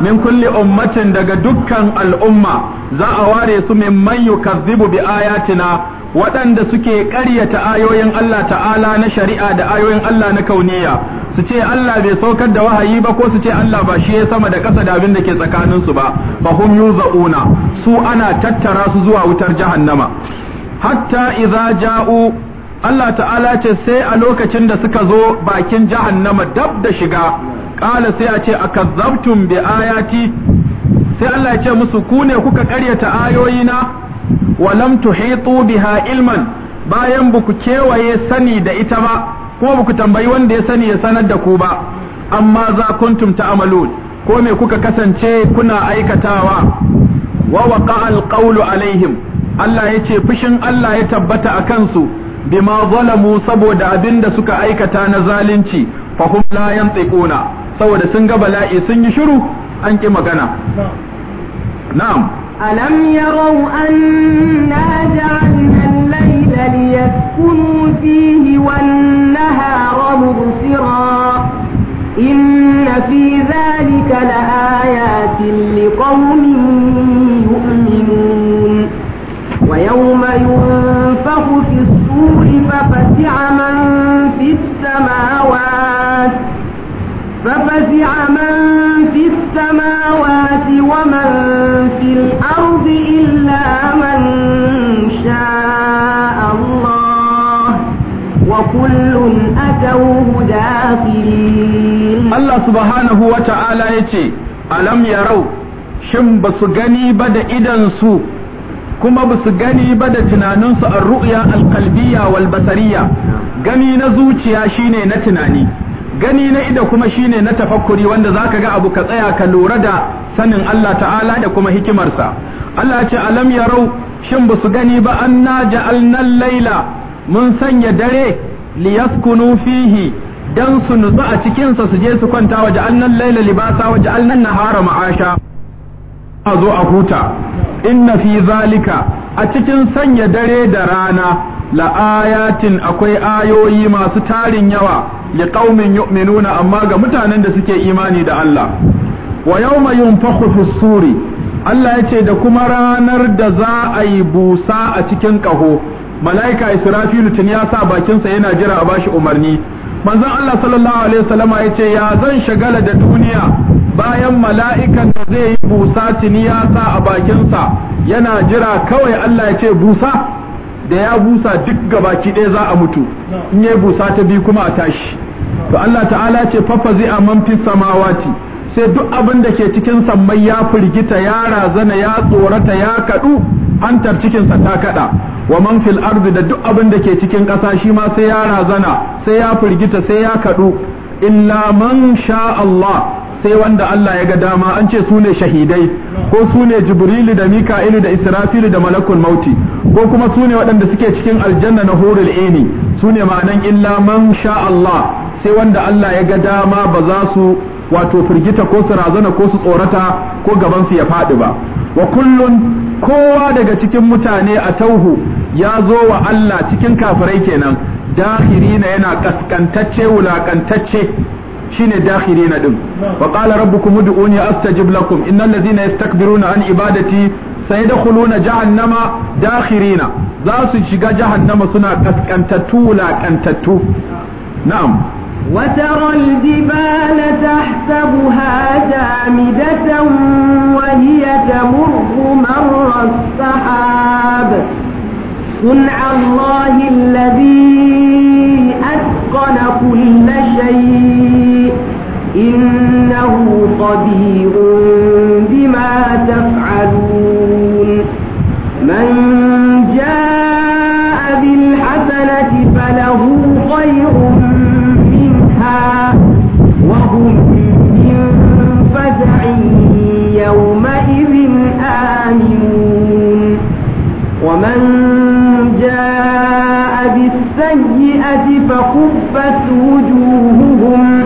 min kulli ummatin daga dukkan al'umma za a ware su min man yukazzibu bi ayatina waɗanda suke ƙaryata ayoyin Allah ta'ala na shari'a da ayoyin Allah na kauniya su ce Allah bai saukar da wahayi ba ko su ce Allah ba shi ya sama da ƙasa da abin da ke tsakanin su ba fa hum yuzauna su ana tattara su zuwa wutar jahannama hatta idza ja'u Allah ta'ala ce sai a lokacin da suka zo bakin jahannama dab da shiga ƙala sai a ce akazzabtum bi ayati sai Allah ya ce musu ku ne kuka ƙaryata ayoyina wa lam tuhitu biha ilman bayan ku kewaye sani da ita ba kuma ku tambayi wanda ya sani ya sanar da ku ba amma za kuntum ta'malun ko me kuka kasance kuna aikatawa wa waqa alqawlu alaihim Allah ya ce fushin Allah ya tabbata a kansu bima zalamu saboda abin da suka aikata na zalunci fa hum la yantiquna saboda sun ga bala'i sun yi shiru an ki magana na'am ألم يروا أنا جعلنا الليل ليسكنوا فيه والنهار مبصرا إن في ذلك لآيات لقوم يؤمنون ويوم ينفخ في الصور ففزع من في السماوات ففزع من Allah subhanahu wa ta'ala yace alam ألم يروا shin ba su gani ba da idansu kuma ba su gani ba da tunaninsu a ru'ya alkalbiya wal basariya gani na zuciya shine na tunani gani na ido kuma shine na tafakkuri wanda zaka ga abu ka tsaya ka lura da sanin Allah ta'ala da kuma hikimarsa Allah ce alam yarau shin ba su gani ba anna ja'alnal laila mun sanya dare liyaskunu fihi dan su nutsu a cikinsa su je su kwanta waje annan laila libasa waje annan nahara ma'asha a zo a huta inna fi zalika a cikin sanya dare da rana la'ayatin akwai ayoyi masu tarin yawa ya qaumin yu'minuna amma ga mutanen da suke imani da Allah wa yawma yunfakhu fis suri Allah ya ce da kuma ranar da za a yi busa a cikin ƙaho mala'ika israfilu tun ya sa bakinsa yana jira a bashi umarni manzon Allah sallallahu alaihi wasallama ya ce ya zan shagala da duniya bayan mala'ikan da zai yi busa tuni ya sa a bakinsa yana jira kawai Allah ya ce busa da ya busa duk gabaki ɗaya za a mutu in ya busa ta bi kuma a tashi to Allah ta'ala ce fafazi a fi samawati sai duk abin da ke cikin sammai ya firgita ya razana ya tsorata ya kaɗu Hantar cikinsa ta kada wa man fil ardi da duk abin da ke cikin ƙasa shi ma sai ya razana sai ya firgita sai ya kadu illa man sha Allah sai wanda Allah ya ga dama an ce su ne shahidai ko su ne jibrilu da mika'ilu da israfilu da malakul mauti ko kuma su ne waɗanda suke cikin aljanna na horil ini su ne ma'anan illa man sha Allah sai wanda Allah ya ga dama ba za su wato firgita ko su razana ko su tsorata ko gaban su ya faɗi ba wa kullun kowa daga cikin mutane a tauhu ya zo wa Allah cikin kafirai kenan dakhirina yana kaskantacce wulakantacce shine dakhirina din wa qala rabbukum ud'uni astajib lakum innal ladhina yastakbiruna an ibadati sayadkhuluna jahannama dakhirina za su shiga jahannama suna kaskantattu wulakantattu na'am وترى الجبال تحسبها جامدة وهي تمر مر السحاب صنع الله الذي أتقن كل شيء إنه قدير بما تفعل فكبت وجوههم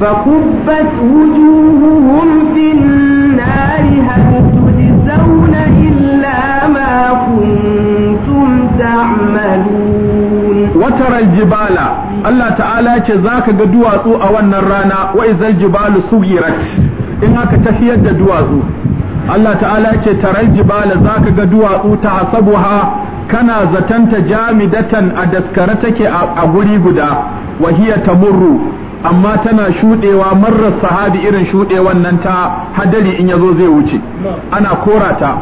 فكبت وجوههم في النار هل تجزون إلا ما كنتم تعملون وترى الجبال Allah ta'ala ce za ka ga duwatsu a wannan rana wa izal jibalu sugirat in aka tafiyar da duwatsu Allah ta'ala ce taral za ka ga duwatsu ta hasabuha kana zatanta jamidatan a daskare take a guri guda wahiya tamurru amma tana shudewa marar sahabi irin shudewan nan ta hadari in yazo zai wuce ana korata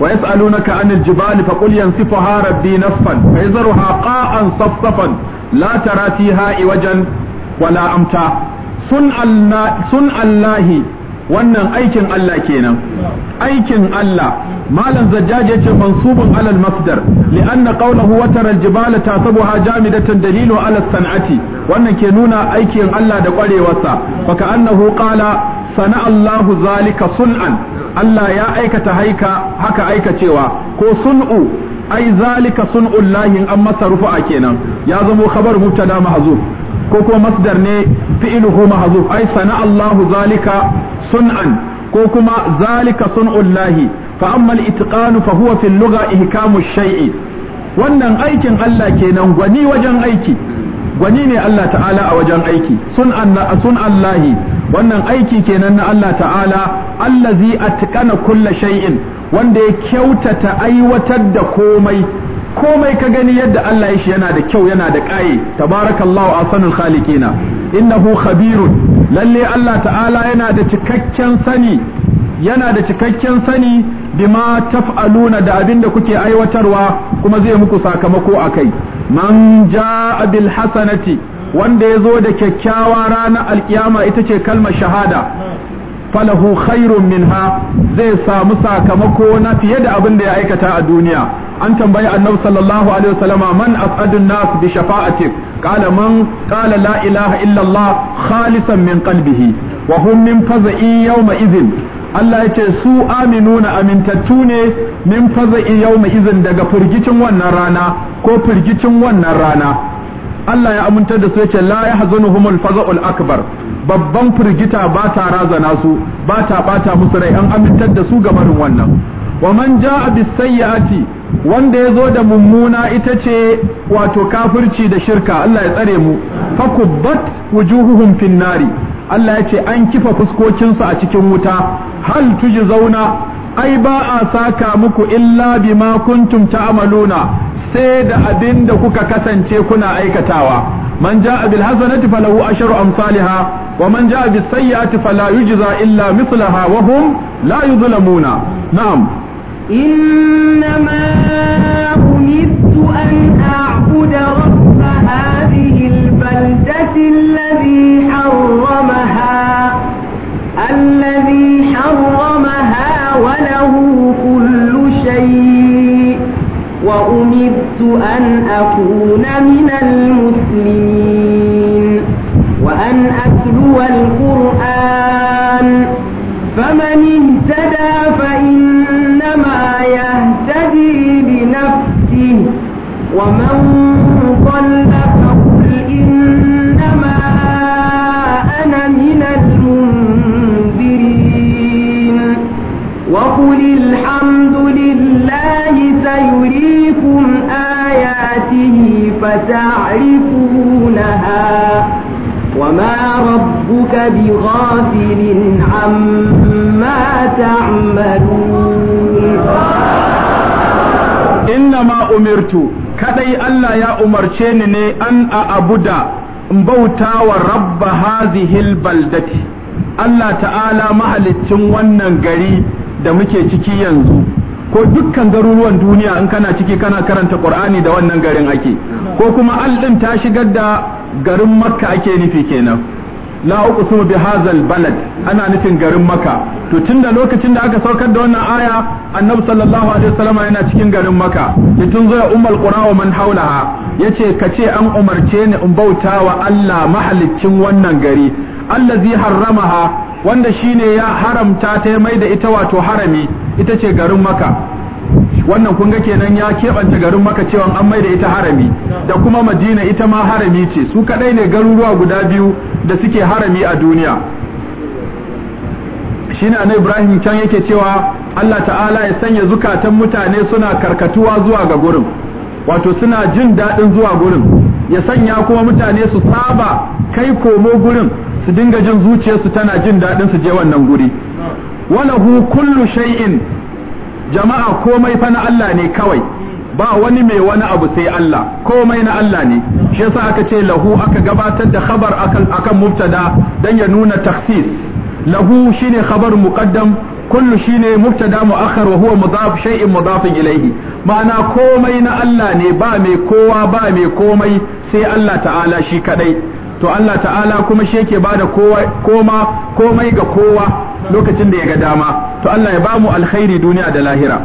wa yas'alunaka anil jibali fa qul yansifuha rabbi nasfan fa yadharuha qa'an safsafan la tara fiha iwajan wala amta sun allahi wannan aikin Allah kenan aikin Allah malam zajjaj yace mansubun alal masdar li'anna qawluhu wa taral jibala tasabuha jamidatan dalilu ala san'ati wannan ke nuna aikin Allah da kwarewarsa faka annahu qala sana Allahu zalika sun'an Allah ya aikata haika haka aikacewa ko sun'u ai zalika sun'ullahi an masa rufa kenan ya zamo khabar mubtada mahzuf ko kuma masdar ne fi'luhu mahzuf ai sana Allahu zalika sun'an ko kuma zalika sun'ullahi fa amma al-itqanu fa huwa fi al-lugha ihkamu shay'i wannan aikin Allah kenan gwani wajen aiki gwani ne Allah ta'ala a wajen aiki sun wannan aiki kenan na Allah ta'ala allazi atqana kulla shay'in wanda ya kyautata aiwatar da komai komai ka gani yadda Allah ya shi yana da kyau yana da ƙaye tabarakallahu asanul khaliqina innahu khabirun lalle Allah ta'ala yana da cikakken sani yana da cikakken sani bima taf'aluna da abin da kuke aiwatarwa kuma zai muku sakamako akai man ja'a bil hasanati wanda ya zo da kyakkyawa ranar alkiyama ita ce kalmar shahada falahu khairun minha zai samu sakamako na fiye da abin da ya aikata a duniya an tambayi annabi sallallahu alaihi wasallama man as'adun nas bi shafa'atik qala man qala la ilaha illa allah khalisan min qalbihi wa hum min faza'i yawma idhin Allah ya ce su aminuna amintattu ne min faza'i yawma idhin daga firgicin wannan rana ko firgicin wannan rana Allah ya amintar da su ya ce la yahzunuhumul faza'ul akbar babban firgita ba ta razana su ba ta bata musu rai an amintar da su gabarin wannan wa man jaa bis sayyiati wanda ya zo da mummuna ita ce wato kafirci da shirka Allah ya tsare mu fa fakubbat wujuhuhum fin nari Allah ya ce an kifa fuskokinsu a cikin wuta hal tuji zauna ai ba a saka muku illa bima kuntum ta'maluna sai da abin da kuka kasance kuna aikatawa man ja'a bil hasanati falahu asharu amsalha wa man ja'a bis sayyi'ati fala yujza illa mithlaha wa hum la yuzlamuna na'am إنما أمرت أن أعبد رب هذه البلدة الذي حرمها الذي أن أكون من المسلمين تعرفونها وما ربك بغافل عما تعملون إنما أمرت kadai Allah ya umarce ni ne an a abuda in bauta wa rabba hazihil baldati Allah ta'ala mahaliccin wannan gari da muke ciki yanzu ko dukkan garuruwan duniya in kana ciki kana karanta qur'ani da wannan garin ake ko kuma al din ta shigar da garin makka ake nufi kenan la uqsimu bi hadzal balad ana nufin garin makka to tunda lokacin da aka saukar da wannan aya annabi sallallahu alaihi wasallam yana cikin garin makka ya tunzo ya ummul qura wa man haulaha yace kace an umarce ni in bauta wa Allah mahaliccin wannan gari allazi harramaha wanda shine ya haramta ta mai da ita wato harami ita ce garin maka wannan kun ga kenan ya keɓanta garin maka cewa an mai da ita harami da kuma madina ita ma harami ce su kaɗai ne garuruwa guda biyu da suke harami a duniya shine annabi ibrahim can yake cewa allah ta'ala ya sanya zukatan mutane suna karkatuwa zuwa ga gurin wato suna jin daɗin zuwa gurin ya sanya kuma mutane su saba kai komo gurin su dinga jin zuciyarsu tana jin daɗin su je wannan guri walahu kullu shay'in jama'a komai fa na Allah ne kawai ba wani mai wani abu sai Allah komai na Allah ne shi yasa aka ce lahu aka gabatar da khabar akan akan mubtada dan ya nuna takhsis lahu shine khabar muqaddam kullu shine mubtada muakhar wa huwa mudaf shay'in mudafin ilayhi ma'ana komai na Allah ne ba mai kowa ba mai komai sai Allah ta'ala shi kadai to Allah ta'ala kuma shi yake bada kowa koma komai ga kowa lokacin da ya ga dama to Allah ya bamu alkhairi duniya da lahira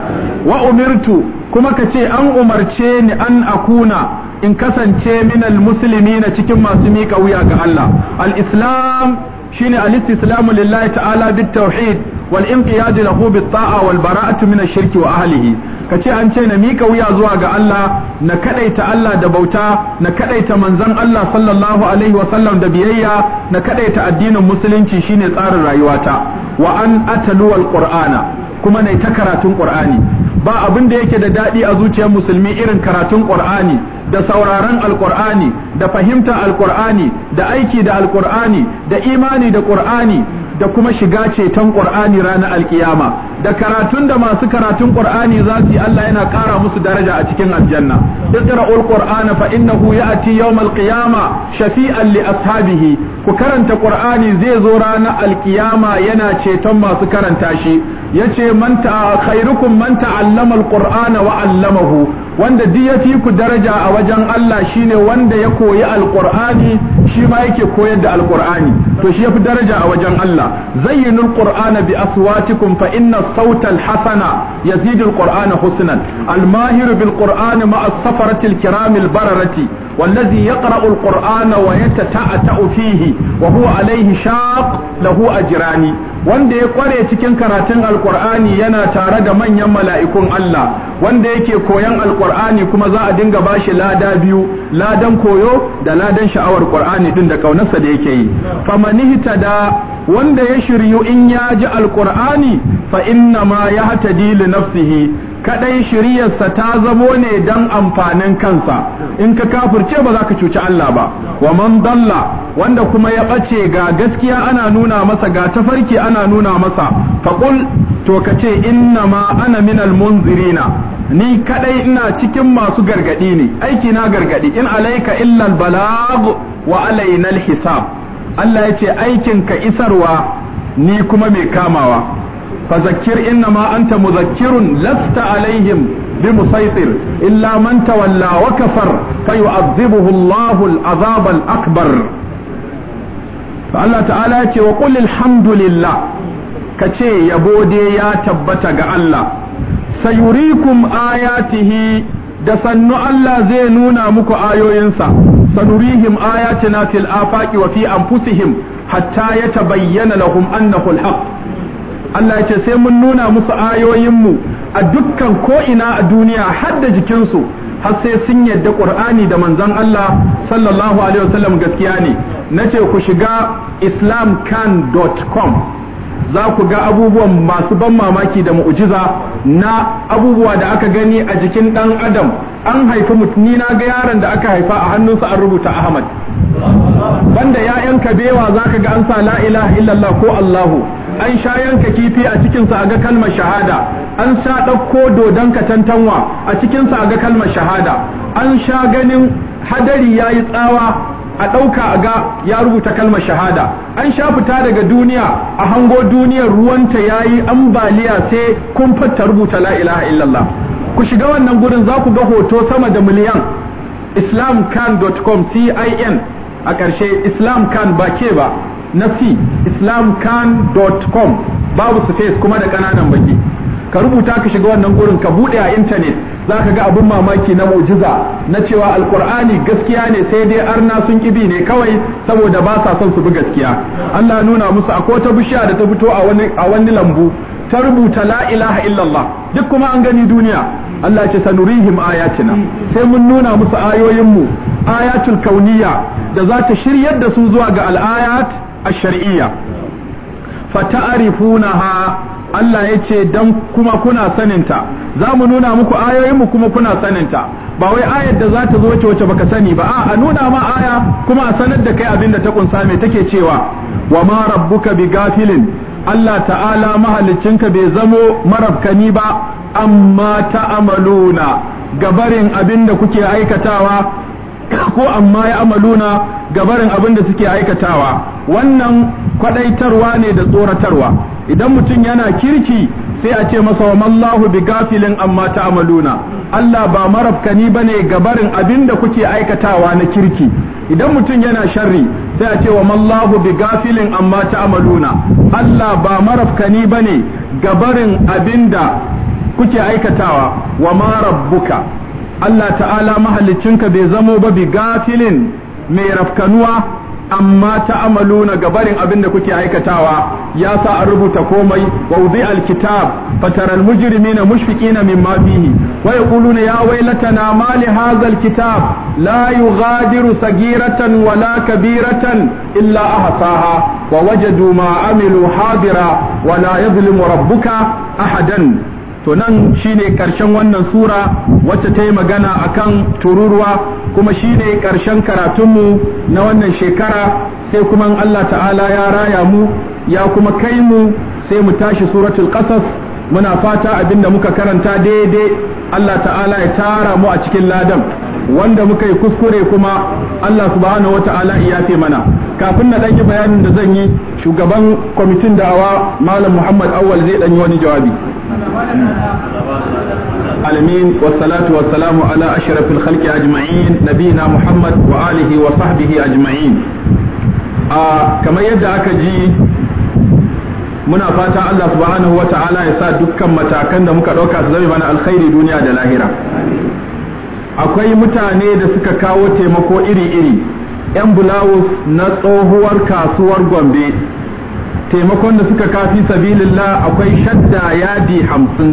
wa umirtu kuma ka ce an umarce ni an akuna in kasance minal musulmi na cikin masu miƙa wuya ga Allah al-islam shine al lillahi ta'ala bit tauhid wal inqiyad lahu bit ta'a wal bara'atu min ash-shirki wa ahlihi ka ce an ce na mika wuya zuwa ga Allah na kadaita Allah da bauta na kadaita manzon Allah sallallahu alaihi wa sallam da biyayya na kadaita addinin musulunci shine tsarin rayuwata wa an atalu alqur'ana kuma na ta karatun qur'ani ba abin da yake da daɗi a zuciyar musulmi irin karatun qur'ani da sauraron alqur'ani da fahimtar alqur'ani da aiki da alqur'ani da imani da qur'ani da kuma shiga ceton qur'ani ranar alƙiyama. da karatun da masu karatun Qur'ani za su yi Allah yana ƙara musu daraja a cikin aljanna iqra'ul qur'ana fa innahu ya'ti yawmal qiyama shafi'an li ashabihi ku karanta Qur'ani zai zo ranar alkiyama yana ceton masu karanta shi yace man ta khairukum man ta'allama alqur'ana wa 'allamahu wanda duk ya fi ku daraja a wajen Allah shine wanda ya koyi alqur'ani shi ma yake koyar da alqur'ani to shi yafi daraja a wajen Allah zayyinul qur'ana bi aswatikum fa inna sautal hasana yazidu alqur'ana husnan almahiru bil qur'ani ma as-safarati al-kiram al-bararati والذي يقرأ القرآن ويتتأتأ فيه وهو عليه شاق له أجران wanda ya kware cikin karatun alkur'ani yana tare da manyan mala'ikun Allah wanda yake koyan alkur'ani kuma za a dinga bashi lada biyu ladan koyo da ladan sha'awar qur'ani din da kaunarsa da yake yi famanihi da wanda ya shiryu in ya ji alkur'ani fa inna ma yahtadi li nafsihi kadai shiriyarsa ta zamo ne dan amfanin kansa in ka kafirce ba za ka cuci Allah ba wa man dalla wanda kuma ya ɓace ga gaskiya ana nuna masa ga tafarki ana nuna masa faƙul. to ka ce inna ma ana minal munzirina ni kadai ina cikin masu gargadi ne aiki na gargadi in alaika illa balag wa hisab. hisab Allah ya ce ka isarwa ni kuma mai kamawa فذكر إنما أنت مذكر لست عليهم بمسيطر إلا من تولى وكفر فيعذبه الله العذاب الأكبر فالله تعالى وقل الحمد لله كشي يبودي يا تبتك الله سيريكم آياته da sannu Allah zai nuna muku ayoyinsa sanurihim ayatina fil afaqi wa fi anfusihim hatta yatabayyana lahum annahu al-haqq Allah ya ce sai mun nuna musu ayoyinmu a dukkan ko'ina a duniya har da jikinsu har sai sun yarda ƙur'ani da manzon Allah sallallahu alaihi wasallam gaskiya ne na ce ku shiga islamcan.com za ku ga abubuwan masu ban mamaki da mu'ujiza na abubuwa da aka gani a jikin ɗan adam an haifi mutuni na ga yaron da aka haifa a hannunsa an rubuta Ahmad banda 'ya'yan kabewa za ka ga an sa la ilaha illallah ko Allahu an sha yanka kifi a cikinsa a ga kalmar shahada an sa ɗauko dodon katantanwa a cikinsa a ga kalmar shahada an sha ganin hadari ya yi tsawa a ɗauka a ga ya rubuta kalmar shahada an sha fita daga duniya a hango duniyar ruwanta ya yi ambaliya sai kun fatta rubuta la ilaha illallah ku shiga wannan gurin za ku ga hoto sama da miliyan islamcan.com cin a ƙarshe islamcan ba ke ba na c islamcan.com babu space kuma da ƙananan baki ka rubuta ka shiga wannan gurin ka bude a intanet za ka ga abin mamaki na mujiza na cewa alkur'ani gaskiya ne sai dai arna sun kibi ne kawai saboda ba sa son su bi gaskiya Allah nuna musu akwai ta bishiya da ta fito a wani a wani lambu ta rubuta la ilaha illallah duk kuma an gani duniya Allah ce sanurihim ayatina sai mun nuna musu ayoyinmu ayatul kauniya da za ta shiryar da su zuwa ga al'ayat ash-shar'iyya fata'rifunaha Allah ya ce dan kuma kuna saninta za mu nuna muku ayoyinmu kuma kuna saninta ba wai ayar da za ta zo wace wace baka sani ba a nuna ma aya kuma a sanar da kai abin da ta kunsa mai take cewa wa ma rabbuka bi gafilin Allah ta'ala mahaliccinka bai zamo marabkani ba amma ta ga gabarin abin da kuke aikatawa ko amma ya amaluna gabarin abin da suke aikatawa wannan kwadaitarwa ne da tsoratarwa idan mutum yana kirki sai a ce masa wa mallahu bi gafilin amma ta amaluna Allah ba marafkani bane gabarin abin da kuke aikatawa na kirki idan mutum yana sharri sai a ce wa mallahu bi gafilin amma ta amaluna Allah ba marafkani bane gabarin abin da kuke aikatawa wa ma Allah ta'ala mahalicinka bai zamo ba bi gafilin mai rafkanuwa amma ga gabarin abin da kuke aikatawa ya sa an rubuta komai wa wudi alkitab na mujrimina mushfiqina mimma fihi wa yaquluna ya wailata ma li kitab alkitab la yughadiru sagiratan wala kabiratan illa ahasaha wa wajadu ma amilu hadira wala yadhlimu rabbuka ahadan to nan shine karshen wannan sura wacce ta yi magana akan tururuwa kuma shine karshen karatunmu na wannan shekara sai kuma Allah ta'ala ya raya mu ya kuma kai mu sai mu tashi suratul qasas muna fata abinda muka karanta daidai Allah ta'ala ya tara mu a cikin ladan wanda muka yi kuskure kuma Allah subhanahu wata'ala ya yafe mana kafin na yi bayanin da zan yi shugaban kwamitin da'awa malam Muhammad Awal zai ɗanyi wani jawabi العالمين والصلاة والسلام على أشرف الخلق أجمعين نبينا محمد وآله وصحبه أجمعين آه كما يدعى كجي muna fata Allah subhanahu wa ta'ala ya sa dukkan matakan da muka ɗauka su zama mana alkhairi duniya da lahira akwai mutane da suka kawo taimako iri-iri yan bulawus na tsohuwar kasuwar gombe taimakon da suka kafi sabilillah akwai shadda yadi hamsin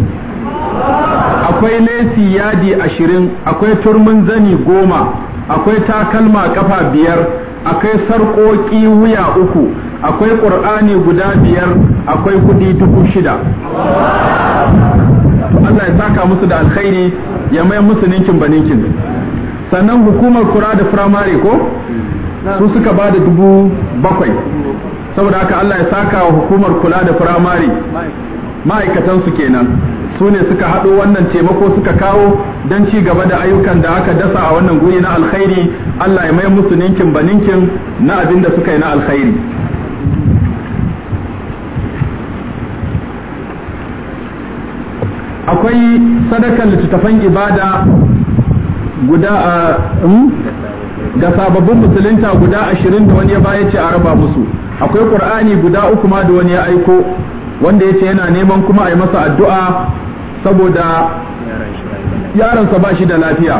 akwai lesi yadi ashirin akwai turmin zani goma akwai takalma kafa biyar akwai sarƙoƙi wuya uku akwai ƙur'ani guda biyar akwai kuɗi dubu shida Allah ya saka musu da alkhairi ya mai musu ninkin ba ninkin sannan hukumar kura da firamare ko su suka ba da dubu bakwai saboda haka Allah ya saka wa hukumar kula da firamare ma'aikatan su kenan su ne suka haɗo wannan taimako suka kawo don ci gaba da ayyukan da aka dasa a wannan guri na alkhairi Allah ya mai musu ninkin ba ninkin na abin da suka yi na alkhairi akwai sadakar littattafan ibada guda a hmm? ga sababbin musulunta guda ashirin da wani ya baya ce a raba musu akwai qur'ani guda uku ma da wani ya aiko wanda ya ce yana neman kuma a yi masa addu'a saboda yaransa ba shi da lafiya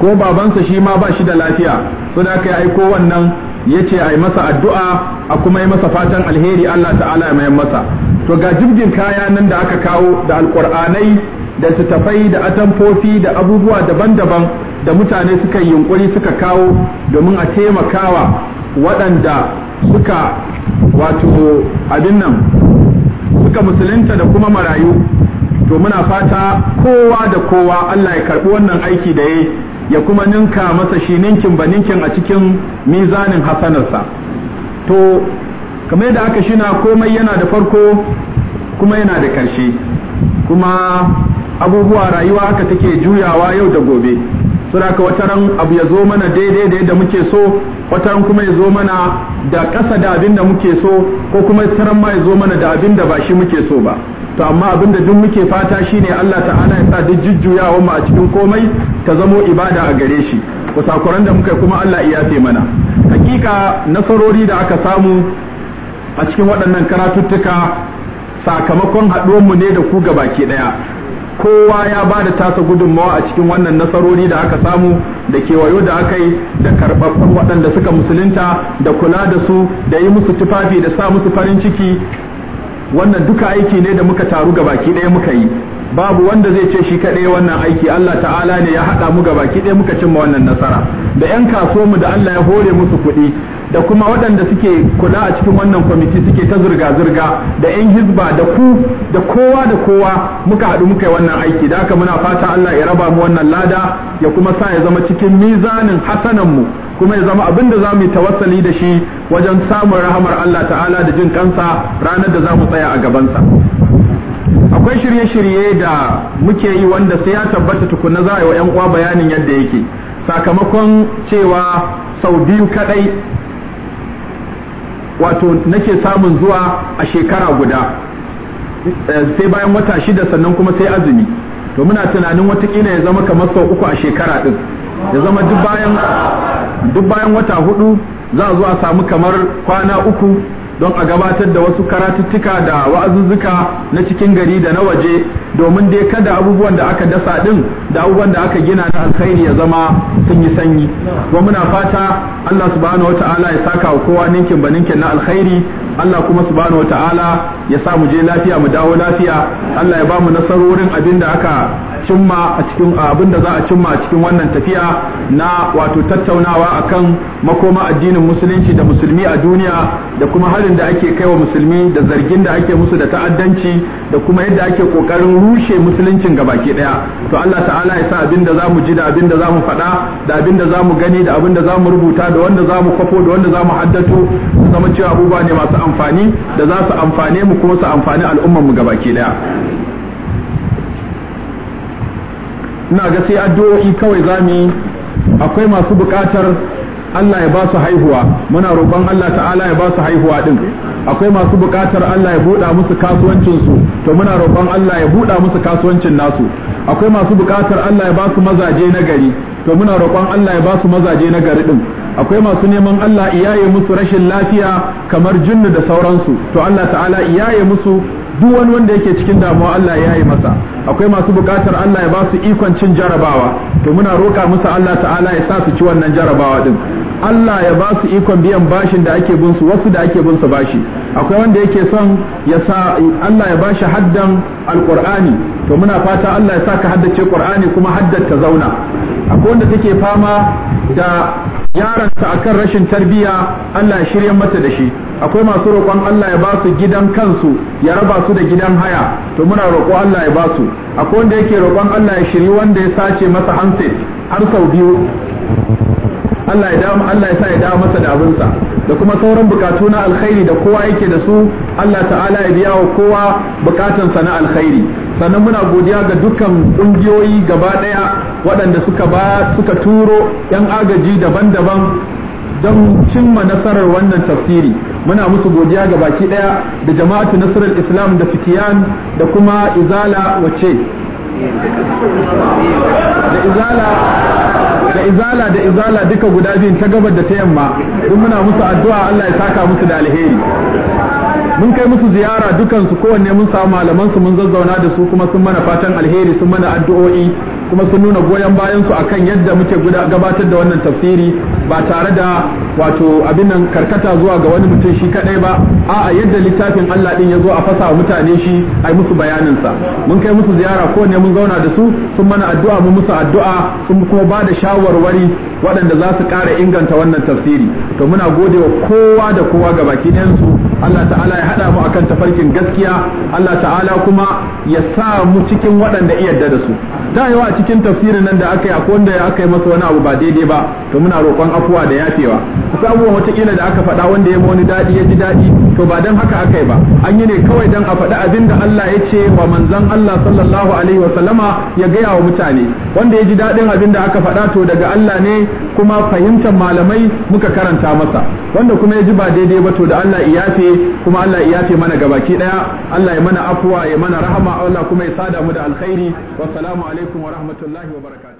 ko babansa shi ma ba shi da lafiya so da aka aiko wannan ya ce a yi masa addu'a a kuma yi masa fatan alheri Allah ta'ala ya mayan masa to ga jibgin kaya nan da aka kawo da alƙur'anai da sitafai da atamfofi da abubuwa daban-daban da mutane suka yi yunkuri suka kawo domin a taimakawa waɗanda suka wato abin nan suka musulunta da kuma marayu to muna fata kowa da kowa Allah ya karɓi wannan aiki da ya ya kuma ninka masa shi ninkin ba ninkin a cikin mizanin hasanarsa to kamar yadda aka shina komai yana da farko kuma yana da ƙarshe kuma abubuwa rayuwa haka take juyawa yau da gobe suna ka wata ran abu ya zo mana daidai da yadda muke so wata ran kuma ya zo mana da ƙasa da abin da muke so ko kuma wata ma ya zo mana da abin da ba shi muke so ba to amma abin da duk muke fata shine Allah ta'ala ya sa duk jujjuyawar mu a cikin komai ta zamo ibada a gare shi kusakuran da muka kuma Allah iya yafe mana hakika nasarori da aka samu a cikin waɗannan karatuttuka sakamakon haɗuwar mu ne da ku ke ɗaya kowa ya ba da tasa gudunmawa a cikin wannan nasarori da aka samu da kewayo da aka yi da karɓaɓɓen waɗanda suka musulunta da kula da su da yi musu tufafi da sa musu farin ciki wannan duka aiki ne da muka taru ga baki ɗaya muka yi babu wanda zai ce shi kaɗai wannan aiki Allah ta'ala ne ya haɗa mu ga baki ɗaya muka cimma wannan nasara da 'yan mu da Allah ya hore musu kuɗi da kuma waɗanda suke kula a cikin wannan kwamiti suke ta zirga-zirga da 'yan hizba da ku da kowa da kowa muka haɗu muka yi wannan aiki da haka muna fata Allah ya raba mu wannan lada ya kuma sa ya zama cikin mizanin hasananmu kuma ya zama abin da za mu yi tawassali da shi wajen samun rahamar Allah ta'ala da jin kansa ranar da za mu tsaya a gabansa akwai shirye-shirye da muke yi wanda sai ya tabbata tukuna za a yi wa 'yan uwa bayanin yadda yake sakamakon cewa sau biyu kadai wato nake samun zuwa a shekara guda eh, sai bayan wata shida sannan kuma sai azumi to muna tunanin watakila ya zama kamar sau uku a shekara din ya zama duk bayan duk bayan wata hudu za a zo a samu kamar kwana uku don a gabatar da wasu karatuttuka da wa'azuzzuka na cikin gari da na waje domin dai kada abubuwan da aka dasa din da abubuwan da aka gina na alkhairi ya zama sun yi sanyi kuma muna fata Allah subhanahu wata'ala ya saka wa kowa ninkin ba ninkin na alkhairi Allah kuma subhanahu wata'ala ya sa mu je lafiya mu dawo lafiya Allah ya ba mu nasarorin abin da aka a cimma a cikin abin da za a cimma a cikin wannan tafiya na wato tattaunawa akan makoma addinin musulunci da musulmi a duniya da kuma halin da ake kaiwa musulmi da zargin da ake musu da ta'addanci da kuma yadda ake kokarin rushe musuluncin gabaki daya to Allah ta'ala ya sa abin da zamu ji da abin da zamu faɗa da abin da zamu gani da abin da zamu rubuta da wanda zamu kwafo da wanda zamu haddato su zama cewa abubuwa ne masu amfani da za su amfane mu kuma su amfani al'ummar mu gabaki daya ina ga sai addu'o'i kawai zamu akwai masu buƙatar Allah ya ba su haihuwa muna roƙon Allah ta'ala ya ba su haihuwa din akwai masu buƙatar Allah ya buɗa musu kasuwancin su to muna roƙon Allah ya buɗa musu kasuwancin nasu akwai masu buƙatar Allah ya ba su mazaje na gari to muna roƙon Allah ya ba su mazaje na gari din akwai masu neman Allah iyaye musu rashin lafiya kamar jinnu da sauransu to Allah ta'ala iyaye musu duk wani wanda yake cikin damuwa Allah ya yi masa akwai masu buƙatar Allah ya ba su ikon cin jarabawa to muna roƙa musu Allah ta'ala ya sa su ci wannan jarabawa din Allah ya ba su ikon biyan bashin da ake bin su wasu da ake bin su bashi akwai wanda yake son ya sa Allah ya bashi haddan alqur'ani to muna fata Allah ya saka haddace qur'ani kuma haddar ta zauna akwai wanda take fama da a kan rashin tarbiya Allah ya shirya mata da shi akwai masu roƙon Allah ya ba su gidan kansu ya raba su da gidan haya to muna roƙo Allah ya ba su akwai wanda yake roƙon Allah ya shiri wanda ya sace masa hanset har sau biyu Allah ya Allah ya sa ya dawo masa da abinsa da kuma sauran bukatu na alkhairi da kowa yake da su Allah ta'ala ya biya wa kowa sa na alkhairi sannan muna godiya ga dukkan kungiyoyi gaba daya waɗanda suka ba suka turo yan agaji daban-daban don cimma nasarar wannan tafsiri muna musu godiya ga baki daya da jama'atu nasarar islam da fitiyan da kuma izala wace da izala da izala da izala duka guda biyun ta gabar da ta yamma in muna musu addu'a Allah ya saka musu da alheri mun kai musu ziyara dukansu kowanne mun samu malaman su mun zazzauna da su kuma sun mana fatan alheri sun mana addu'o'i kuma sun nuna goyon bayan su akan yadda muke gabatar da wannan tafsiri ba tare da wato abin nan karkata zuwa ga wani mutum shi kadai ba a'a yadda littafin Allah din ya zo a fasa wa mutane shi ai musu bayanin sa mun kai musu ziyara kowanne mun zauna da su sun mana addu'a mun musu addu'a sun kuma ba da shawarwari waɗanda za su ƙara inganta wannan tafsiri to muna gode wa kowa da kowa ga bakin ɗayan Allah ta'ala ya hada mu akan tafarkin gaskiya Allah ta'ala kuma ya sa mu cikin waɗanda iya da su da yawa cikin tafsirin nan da aka yi akwai wanda aka yi masa wani abu ba daidai ba to muna roƙon afuwa da yafewa akwai abubuwan wataƙila da aka faɗa wanda ya wani daɗi ya ji daɗi to ba dan haka aka yi ba an yi ne kawai dan a faɗi abin da Allah ya ce wa manzon Allah sallallahu alaihi wa sallama ya gaya wa mutane wanda ya ji daɗin abin da aka faɗa to daga Allah ne kuma fahimtar malamai muka karanta masa wanda kuma ya ji ba daidai ba to da Allah iyafe kuma Allah ya yafe mana gabaki daya Allah ya mana afuwa ya mana rahama Allah kuma ya sada mu da alkhairi wassalamu alaikum wa rahmatullahi wa barakatuh